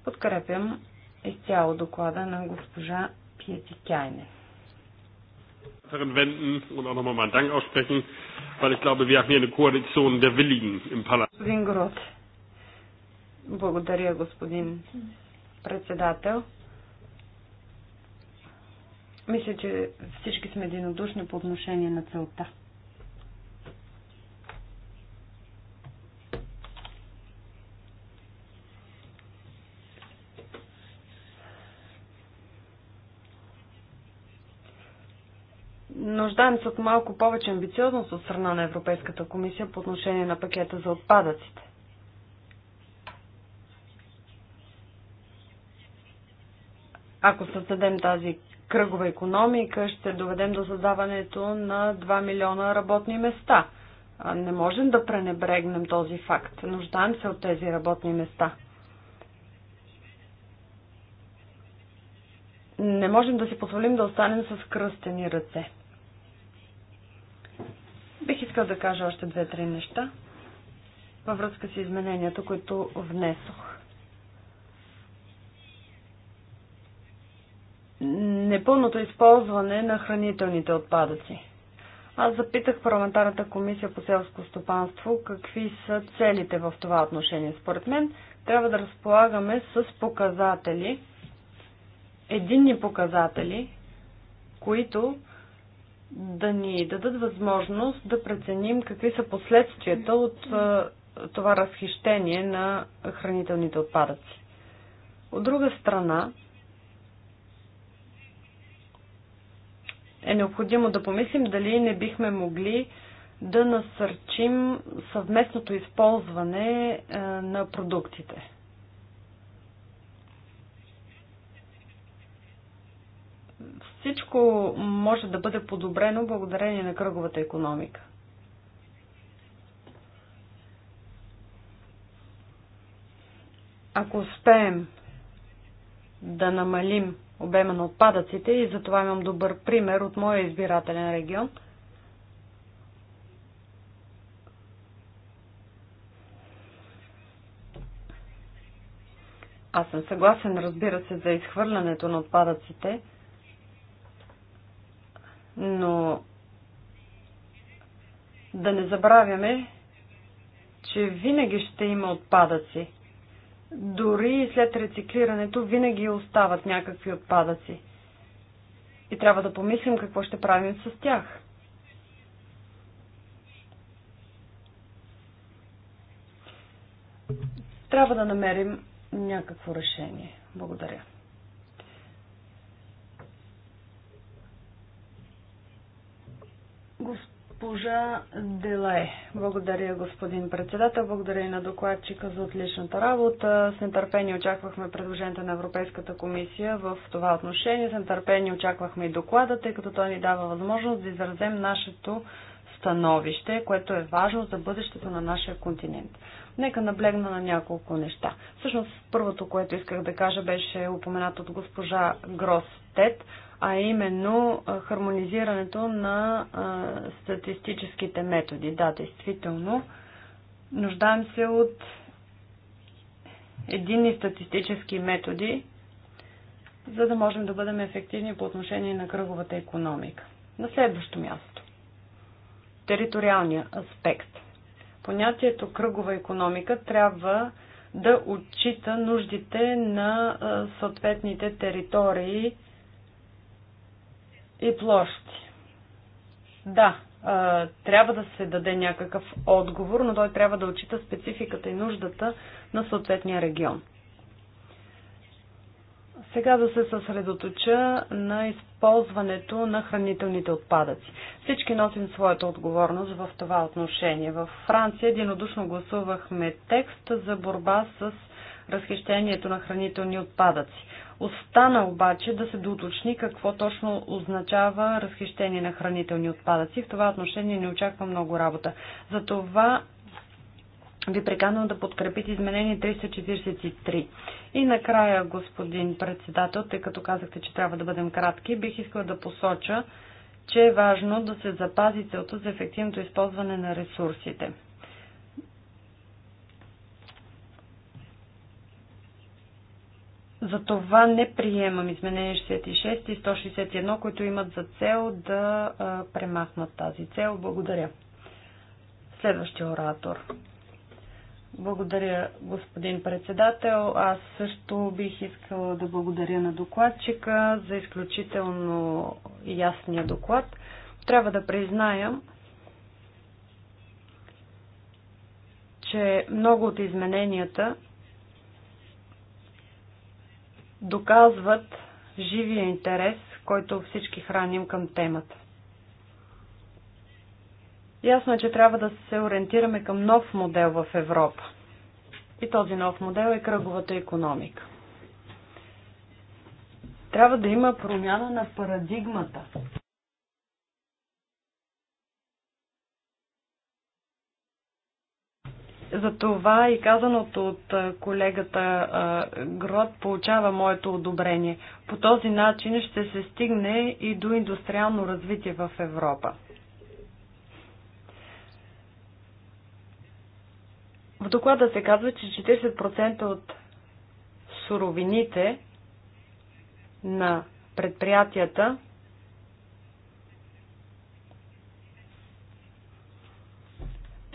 C: Подкрепям изцяло доклада на госпожа Пиети Кайне.
A: Wenden und auch nochmal meinen Dank aussprechen, weil ich glaube, wir haben hier eine Koalition der Willigen im Parlament.
C: благодаря господин председател. Мисля, че всички сме единодушни по отношение на целта. нуждаем се от малко повече амбициозност от страна на Европейската комисия по отношение на пакета за отпадъците. Ако създадем тази кръгова економика, ще доведем до създаването на 2 милиона работни места. Не можем да пренебрегнем този факт. Нуждаем се от тези работни места. Не можем да си позволим да останем с кръстени ръце. Бих искал да кажа още две-три неща във връзка с измененията, които внесох. непълното използване на хранителните отпадъци. Аз запитах парламентарната комисия по селско стопанство какви са целите в това отношение. Според мен трябва да разполагаме с показатели, единни показатели, които да ни дадат възможност да преценим какви са последствията от това разхищение на хранителните отпадъци. От друга страна, е необходимо да помислим дали не бихме могли да насърчим съвместното използване е, на продуктите. Всичко може да бъде подобрено благодарение на кръговата економика. Ако успеем да намалим обема на отпадъците и за това имам добър пример от моя избирателен регион. Аз съм съгласен, разбира се, за изхвърлянето на отпадъците, но да не забравяме, че винаги ще има отпадъци дори и след рециклирането винаги остават някакви отпадъци. И трябва да помислим какво ще правим с тях. Трябва да намерим някакво решение. Благодаря. Господин Госпожа Делай. Благодаря, господин председател. Благодаря и на докладчика за отличната работа. С нетърпение очаквахме предложението на Европейската комисия в това отношение. С нетърпение очаквахме и доклада, тъй като той ни дава възможност да изразем нашето становище, което е важно за бъдещето на нашия континент. Нека наблегна на няколко неща. Всъщност, първото, което исках да кажа, беше упоменато от госпожа Гростет а именно хармонизирането на статистическите методи. Да, действително, нуждаем се от единни статистически методи, за да можем да бъдем ефективни по отношение на кръговата економика. На следващо място. Териториалния аспект. Понятието кръгова економика трябва да отчита нуждите на съответните територии и площи. Да, трябва да се даде някакъв отговор, но той трябва да отчита спецификата и нуждата на съответния регион. Сега да се съсредоточа на използването на хранителните отпадъци. Всички носим своята отговорност в това отношение. В Франция единодушно гласувахме текст за борба с разхищението на хранителни отпадъци. Остана обаче да се доуточни какво точно означава разхищение на хранителни отпадъци. В това отношение не очаква много работа. Затова ви приканвам да подкрепите изменение 343. И накрая, господин председател, тъй като казахте, че трябва да бъдем кратки, бих искала да посоча, че е важно да се запази целта за ефективното използване на ресурсите. Затова не приемам изменение 66 и 161, които имат за цел да премахнат тази цел. Благодаря. Следващия оратор. Благодаря, господин председател. Аз също бих искала да благодаря на докладчика за изключително ясния доклад. Трябва да признаем, че много от измененията доказват живия интерес, който всички храним към темата. Ясно е, че трябва да се ориентираме към нов модел в Европа. И този нов модел е кръговата економика. Трябва да има промяна на парадигмата Затова и казаното от колегата Грот получава моето одобрение. По този начин ще се стигне и до индустриално развитие в Европа. В доклада се казва, че 40% от суровините на предприятията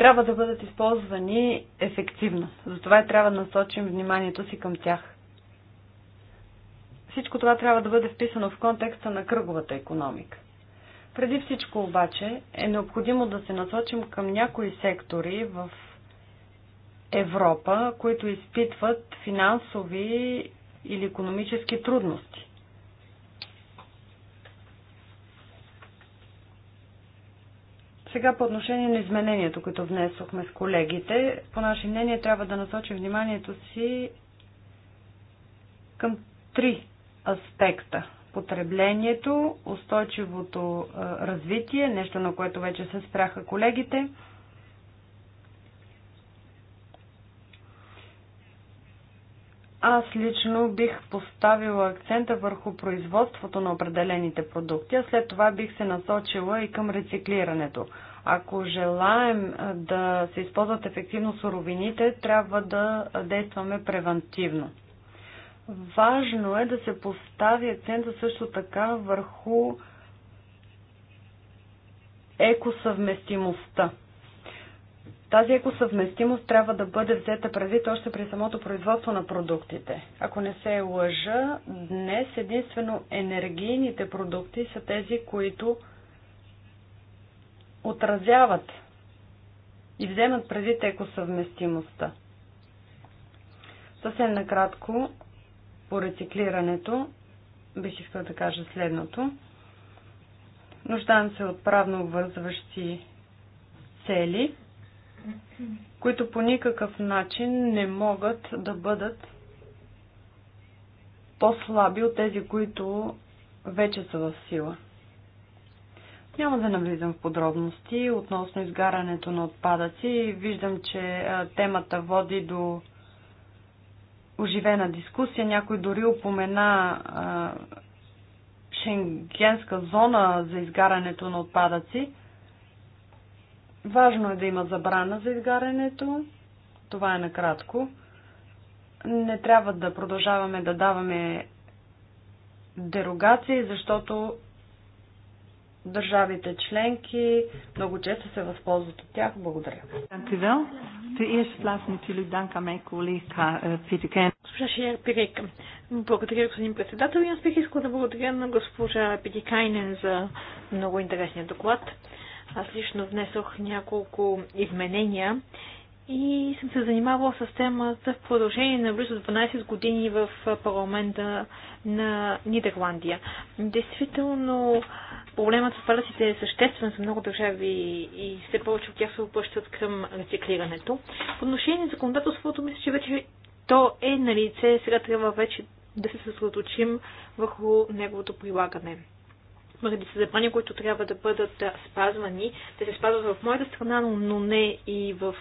C: трябва да бъдат използвани ефективно. Затова трябва да насочим вниманието си към тях. Всичко това трябва да бъде вписано в контекста на кръговата економика. Преди всичко обаче е необходимо да се насочим към някои сектори в Европа, които изпитват финансови или економически трудности. Сега по отношение на изменението, което внесохме с колегите, по наше мнение трябва да насочим вниманието си към три аспекта. Потреблението, устойчивото развитие, нещо на което вече се спряха колегите – Аз лично бих поставила акцента върху производството на определените продукти, а след това бих се насочила и към рециклирането. Ако желаем да се използват ефективно суровините, трябва да действаме превентивно. Важно е да се постави акцента също така върху екосъвместимостта. Тази екосъвместимост трябва да бъде взета предвид още при самото производство на продуктите. Ако не се лъжа, днес единствено енергийните продукти са тези, които отразяват и вземат предвид екосъвместимостта. Съвсем накратко по рециклирането бих искала да кажа следното. Нуждаем се от правно обвързващи цели, които по никакъв начин не могат да бъдат по-слаби от тези, които вече са в сила. Няма да навлизам в подробности относно изгарането на отпадъци. Виждам, че темата води до оживена дискусия. Някой дори упомена шенгенска зона за изгарането на отпадъци – Важно е да има забрана за изгарянето. Това е накратко. Не трябва да продължаваме да даваме дерогации, защото държавите членки много често се възползват от тях. Благодаря. Eh,
A: благодаря, господин председател. И аз бих искал да благодаря на госпожа Питикайнен за много интересния доклад. Аз лично внесох няколко изменения и съм се занимавала с темата в продължение на близо 12 години в парламента на Нидерландия. Действително, проблемът с отпадъците е съществен за много държави и все повече от тях се обръщат към рециклирането. По отношение на законодателството, мисля, че вече то е на лице. Сега трябва вече да се съсредоточим върху неговото прилагане редица забрани, които трябва да бъдат спазвани. Те се спазват в моята страна, но не и в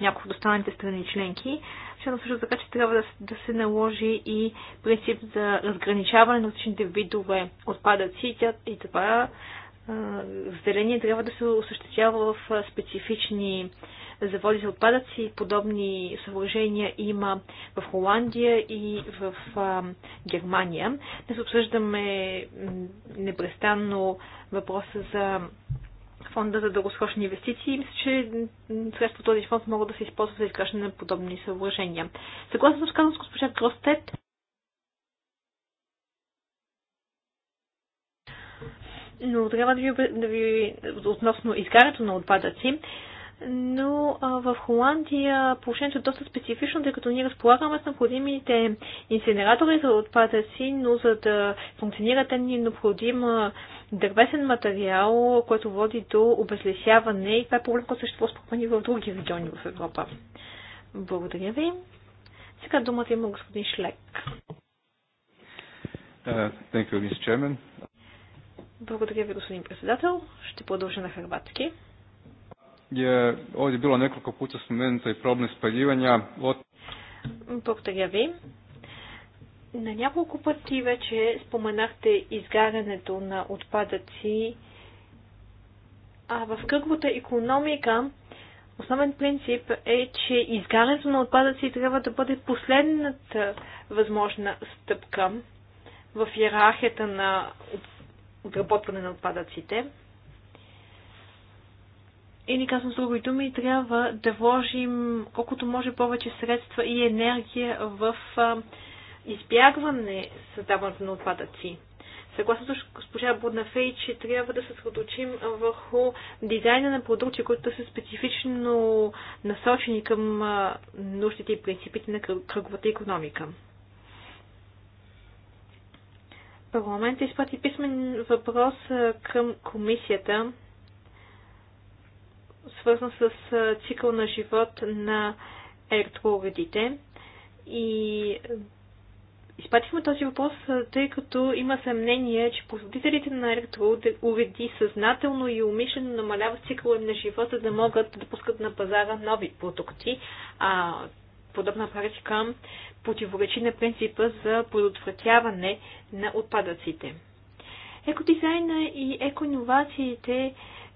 A: някои от останалите страни членки. Защото също така, че трябва да, да се наложи и принцип за разграничаване на различните видове отпадъци и това разделение трябва да се осъществява в специфични заводи за отпадъци подобни съоръжения има в Холандия и в а, Германия. Днес обсъждаме непрестанно въпроса за фонда за дългосрочни инвестиции. Мисля, че средства този фонд могат да се използват за изграждане на подобни съоръжения. Съгласно с казаното с госпожа Кростет, но трябва да ви, да ви относно изгарянето на отпадъци, но а, в Холандия положението е доста специфично, тъй като ние разполагаме с необходимите инсинератори за отпадъци, но за да функционират те ни е необходим дървесен материал, който води до обезлесяване и това е проблем, който съществува спокойно и в други региони в Европа. Благодаря ви. Сега думата има господин Шлек. Uh, you, Благодаря ви, господин председател. Ще продължа на хрватски je ovdje bilo nekoliko puta spomenuto i problem spaljivanja. Od... Благодаря ви. На няколко пъти вече споменахте изгарянето на отпадъци, а в кръговата економика основен принцип е, че изгарянето на отпадъци трябва да бъде последната възможна стъпка в иерархията на обработване на отпадъците. И ни казвам с други думи, трябва да вложим колкото може повече средства и енергия в избягване създаването на отпадъци. Съгласно с госпожа Буднафей, че трябва да се съсредоточим върху дизайна на продукти, които са специфично насочени към нуждите и принципите на кръговата економика. Парламентът изпрати писмен въпрос към комисията свързан с цикъл на живот на електроуредите. И изпатихме този въпрос, тъй като има съмнение, че производителите на електроуреди съзнателно и умишлено намаляват цикъла на живота, да могат да пускат на пазара нови продукти. А подобна практика противоречи на принципа за предотвратяване на отпадъците. Екодизайна и екоинновациите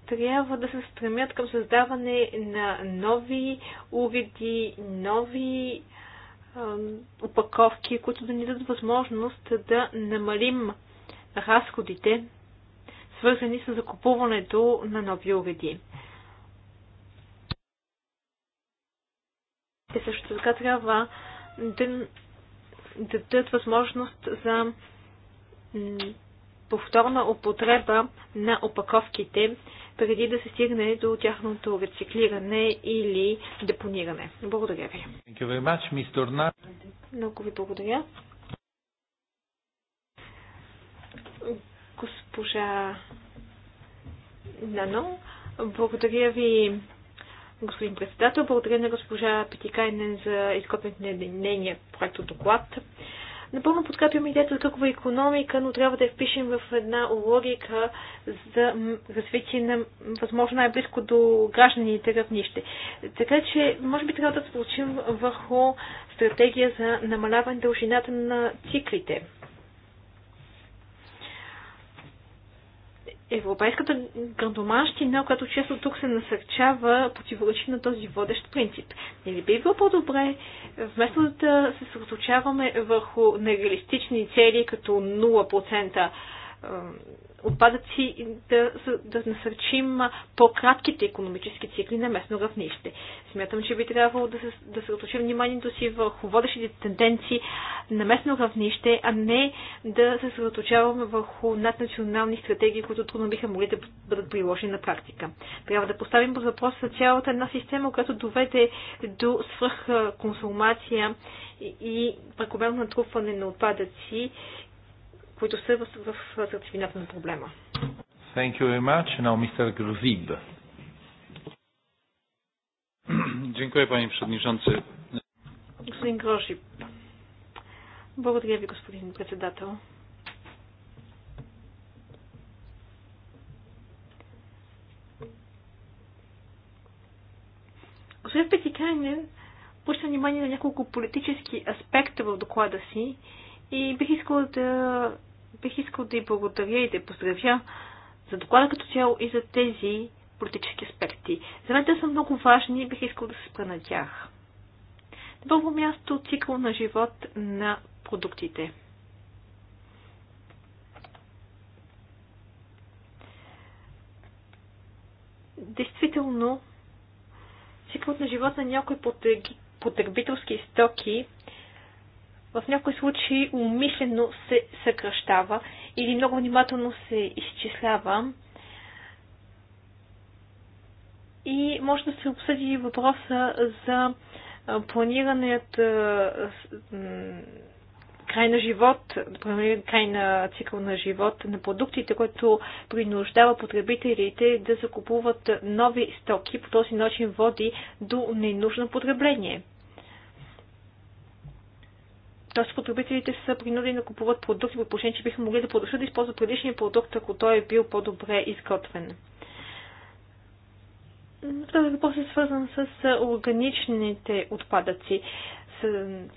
A: трябва да се стремят към създаване на нови уреди, нови опаковки, които да ни дадат възможност да намалим разходите, свързани с закупуването на нови уреди. Те също така трябва да дадат възможност за повторна употреба на опаковките, преди да се стигне до тяхното рециклиране или депониране. Благодаря ви. Much, Много ви благодаря. Госпожа Нано, благодаря ви, господин председател. Благодаря на госпожа Петикайнен за изкопен на нейния проект доклад. Напълно подкрепям идеята за кръгова економика, но трябва да я впишем в една логика за развитие на възможно най-близко до гражданите равнище. Така че, може би трябва да се получим върху стратегия за намаляване дължината на циклите. европейската грандоманщина, която често тук се насърчава, противоречи на този водещ принцип. Не ли би било по-добре, вместо да се съсредоточаваме върху нереалистични цели, като 0% отпадъци да, да насърчим по-кратките економически цикли на местно равнище. Смятам, че би трябвало да, се, да съсредоточим вниманието си върху водещите тенденции на местно равнище, а не да се съсредоточаваме върху наднационални стратегии, които трудно биха могли да бъдат приложени на практика. Трябва да поставим под въпрос за цялата една система, която доведе до свръхконсумация и прекомерно натрупване на отпадъци които са в, в, сърцевината на проблема. Thank you very much. Now Mr. Grzib. [CLEARS THROAT] Dziękuję panie przewodniczący. Господин Грошип. Благодаря ви, господин председател. Господин Петиканен обръща внимание на няколко политически аспекта в доклада си и бих искала да бих искал да и благодаря и да поздравя за доклада като цяло и за тези политически аспекти. За мен те са много важни и бих искал да се спра на тях. На първо място цикъл на живот на продуктите. Действително, цикълът на живот на някои потребителски стоки в някои случаи умишлено се съкръщава или много внимателно се изчислява. И може да се обсъди въпроса за планираният край на живот, край на цикъл на живот на продуктите, който принуждава потребителите да закупуват нови стоки, по този начин води до ненужно потребление. Т.е. потребителите са принудени да купуват продукти, по отношение, че биха могли да продължат да използват предишния продукт, ако той е бил по-добре изготвен. Втори въпрос е свързан с органичните отпадъци.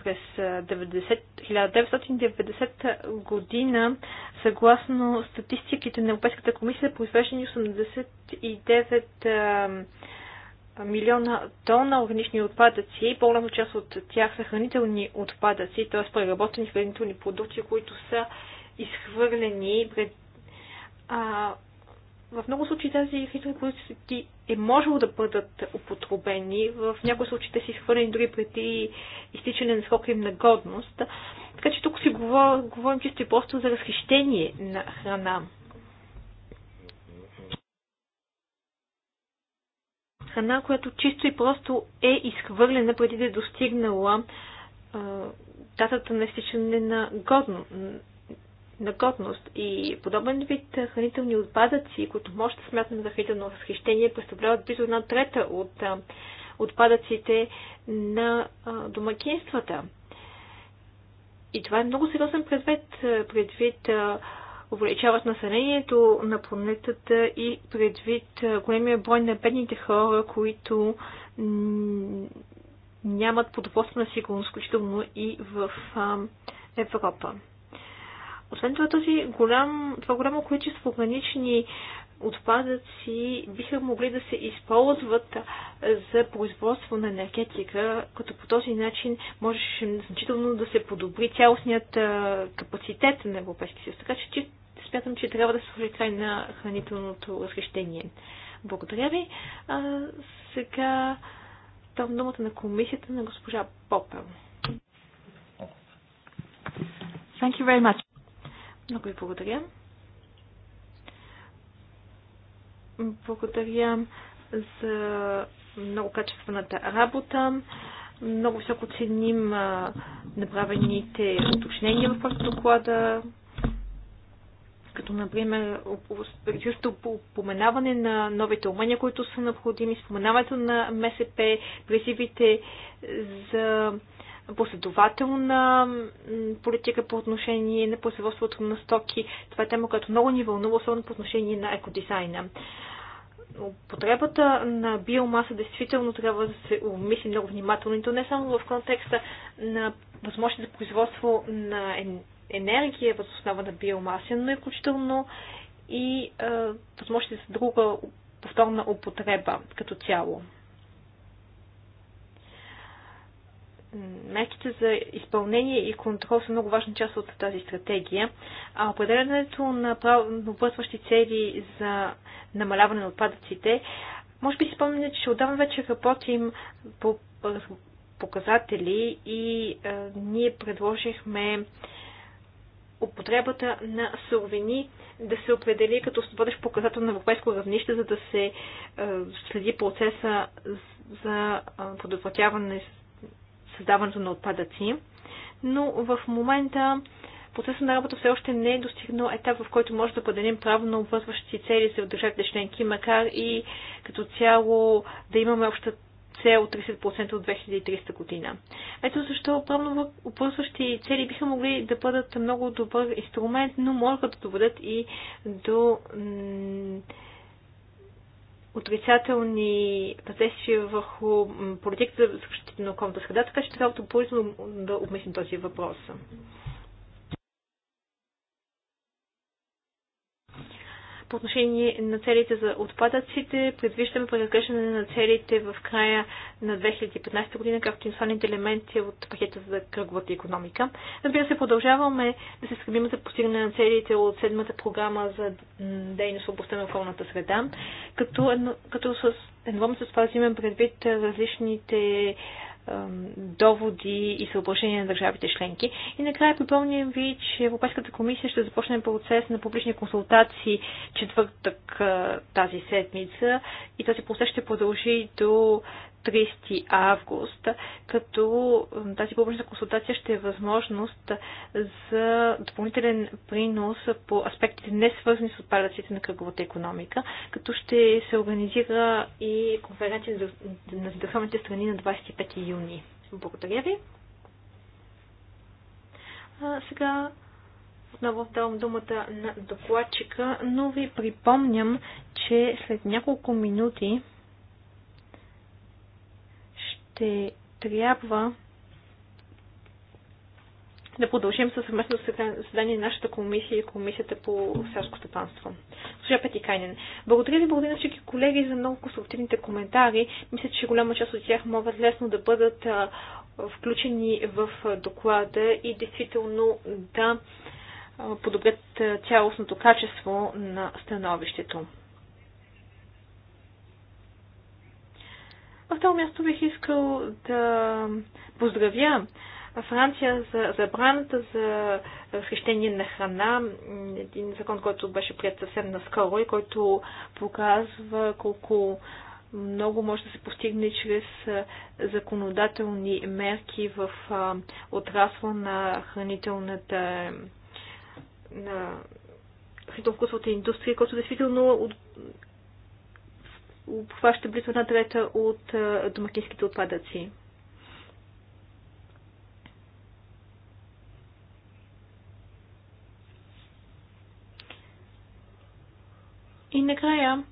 A: През 90, 1990 година, съгласно статистиките на Европейската комисия, произвеждани 89 милиона тона органични отпадъци. По-голяма част от тях са хранителни отпадъци, т.е. преработени хранителни продукти, които са изхвърлени пред... А, в много случаи тези хранителни продукти е можело да бъдат употребени. В някои случаи те са изхвърлени дори преди изтичане на срока им на годност. Така че тук си говорим, говорим чисто и просто за разхищение на храна. храна, която чисто и просто е изхвърлена преди да е достигнала датата на изтичане на, годно, на годност. И подобен вид хранителни отпадъци, които може да смятаме за хранително разхищение, представляват близо една трета от отпадъците на домакинствата. И това е много сериозен предвид, предвид увеличават населението на планетата и предвид големия брой на бедните хора, които нямат продоволствена сигурност, включително и в Европа. Освен това, този голям, това голямо количество гранични отпадъци биха могли да се използват за производство на енергетика, като по този начин можеше значително да се подобри цялостният капацитет на Европейския съюз. Така че смятам, че трябва да се сложи край на хранителното разхищение. Благодаря ви. А, сега там думата на комисията на госпожа Попел. Thank you very much. Много ви благодаря. Благодаря за много качествената работа. Много високо ценим направените уточнения в доклада като например предишното поменаване на новите умения, които са необходими, споменаването на МСП, призивите за последователна политика по отношение на производството на стоки. Това е тема, която много ни вълнува, особено по отношение на екодизайна. Потребата на биомаса действително трябва да се обмисли много внимателно, и то не само в контекста на възможност за производство на енергия въз основа на биомаса, но и включително и е, възможности за друга повторна употреба като цяло. мерките за изпълнение и контрол са много важна част от тази стратегия, а определенето на обвързващи цели за намаляване на отпадъците, може би си спомня, че отдавна вече работим по показатели и а, ние предложихме употребата на суровини да се определи като бъдеш показател на европейско равнище, за да се е, следи процеса за е, предотвратяване създаването на отпадъци. Но в момента процесът на работа все още не е достигнал етап, в който може да право правно обвързващи цели за държавите членки, макар и като цяло да имаме обща цел 30% от 2300 година. Ето защо правно обвързващи цели биха могли да бъдат много добър инструмент, но могат да доведат и до отрицателни въздействия върху политиката за защита на околната среда, така че трябва да обмислим този въпрос. по отношение на целите за отпадъците. Предвиждаме преразглеждане на целите в края на 2015 година, както и останалите елементи от пакета за кръговата економика. Разбира се, продължаваме да се стремим за постигане на целите от седмата програма за дейност в областта на околната среда, като, едно, като с едновременно с това взимам предвид различните доводи и съображения на държавите членки. И накрая припомням ви, че Европейската комисия ще започне процес на публични консултации четвъртък тази седмица и този процес ще продължи до 30 август, като тази публична консултация ще е възможност за допълнителен принос по аспектите не свързани с отпадъците на кръговата економика, като ще се организира и конференция на здравословните страни на 25 юни. Благодаря ви. А, сега отново давам думата на докладчика, но ви припомням, че след няколко минути ще трябва да продължим със съвместно заседание на нашата комисия и комисията по селско стопанство. Служа Кайнен. Благодаря ви, благодаря на всички колеги за много конструктивните коментари. Мисля, че голяма част от тях могат лесно да бъдат включени в доклада и действително да подобрят цялостното качество на становището. В това място бих искал да поздравя Франция за забраната за разхищение на храна, един закон, който беше прият съвсем наскоро и който показва колко много може да се постигне чрез законодателни мерки в отрасла на хранителната на хранително-вкусовата индустрия, който действително обхваща близо една трета от домакинските отпадъци. И накрая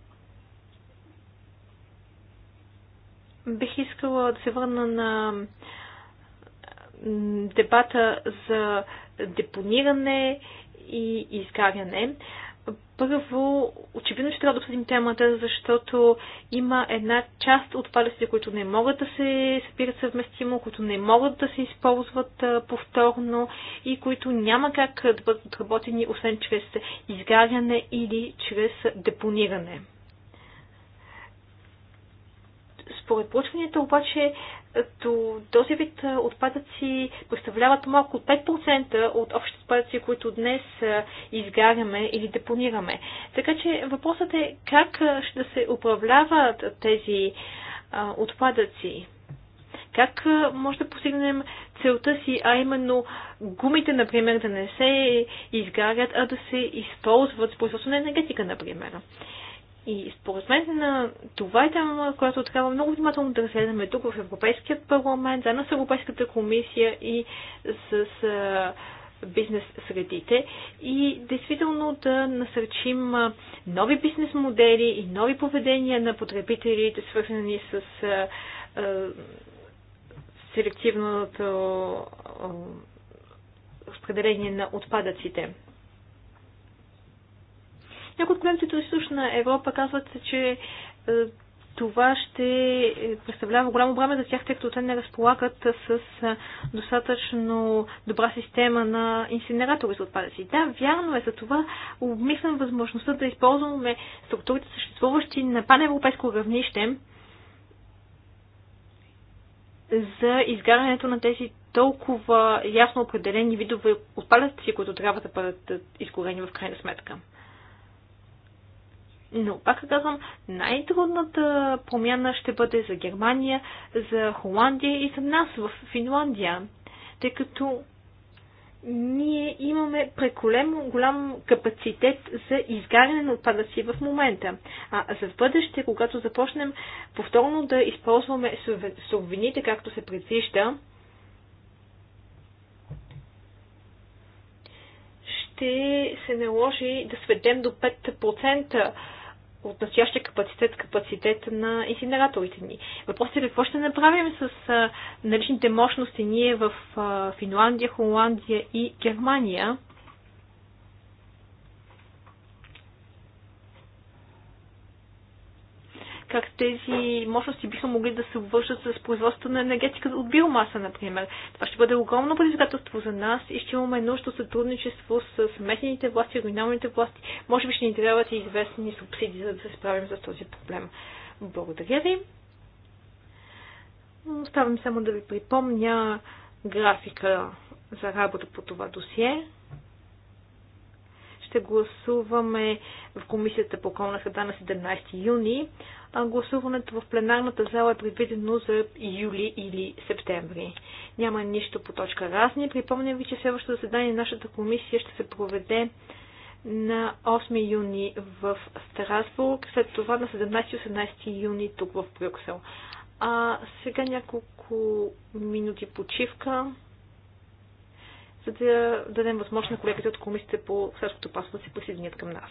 A: бих искала да се върна на дебата за депониране и изгаряне. Първо, очевидно, ще трябва да обсъдим темата, защото има една част от палеците, които не могат да се събират съвместимо, които не могат да се използват повторно и които няма как да бъдат отработени, освен чрез изгаряне или чрез депониране. Според проучванията обаче като този вид отпадъци представляват малко от 5% от общите отпадъци, които днес изгаряме или депонираме. Така че въпросът е как ще се управляват тези а, отпадъци. Как може да постигнем целта си, а именно гумите, например, да не се изгарят, а да се използват с производство на енергетика, например. И според мен на това е тема, която е трябва много внимателно да разгледаме тук в Европейския парламент, заедно с Европейската комисия и с, с бизнес средите и действително да насърчим нови бизнес модели и нови поведения на потребителите, свързани с селективното разпределение на отпадъците. Някои от колегите от Източна Европа казват, че е, това ще е, представлява голямо бреме за тях, тъй като те не разполагат с е, достатъчно добра система на инсинератори за отпадъци. Да, вярно е, за това обмислям възможността да използваме структурите съществуващи на паневропейско равнище за изгарянето на тези толкова ясно определени видове отпадъци, които трябва да бъдат изгорени в крайна сметка. Но, пак казвам, най-трудната промяна ще бъде за Германия, за Холандия и за нас в Финландия, тъй като ние имаме преколемо голям капацитет за изгаряне на отпадъци в момента. А за в бъдеще, когато започнем повторно да използваме суровините, както се предвижда, ще се наложи да сведем до 5% от настоящия капацитет, капацитет на инсинераторите ни. Въпросът е какво ще направим с а, наличните мощности ние в а, Финландия, Холандия и Германия, как тези мощности биха могли да се обвършат с производството на енергетика от биомаса, например. Това ще бъде огромно предизвикателство за нас и ще имаме нужда сътрудничество с местните власти, регионалните власти. Може би ще ни трябват и известни субсидии, за да се справим с този проблем. Благодаря ви. Оставам само да ви припомня графика за работа по това досие ще гласуваме в Комисията по околна среда на 17 юни, а гласуването в пленарната зала е предвидено за юли или септември. Няма нищо по точка разни. Припомням ви, че следващото заседание на нашата комисия ще се проведе на 8 юни в Страсбург, след това на 17-18 юни тук в Брюксел. А сега няколко минути почивка за да дадем възможност на колегите от комисията по селското паство да се присъединят към нас.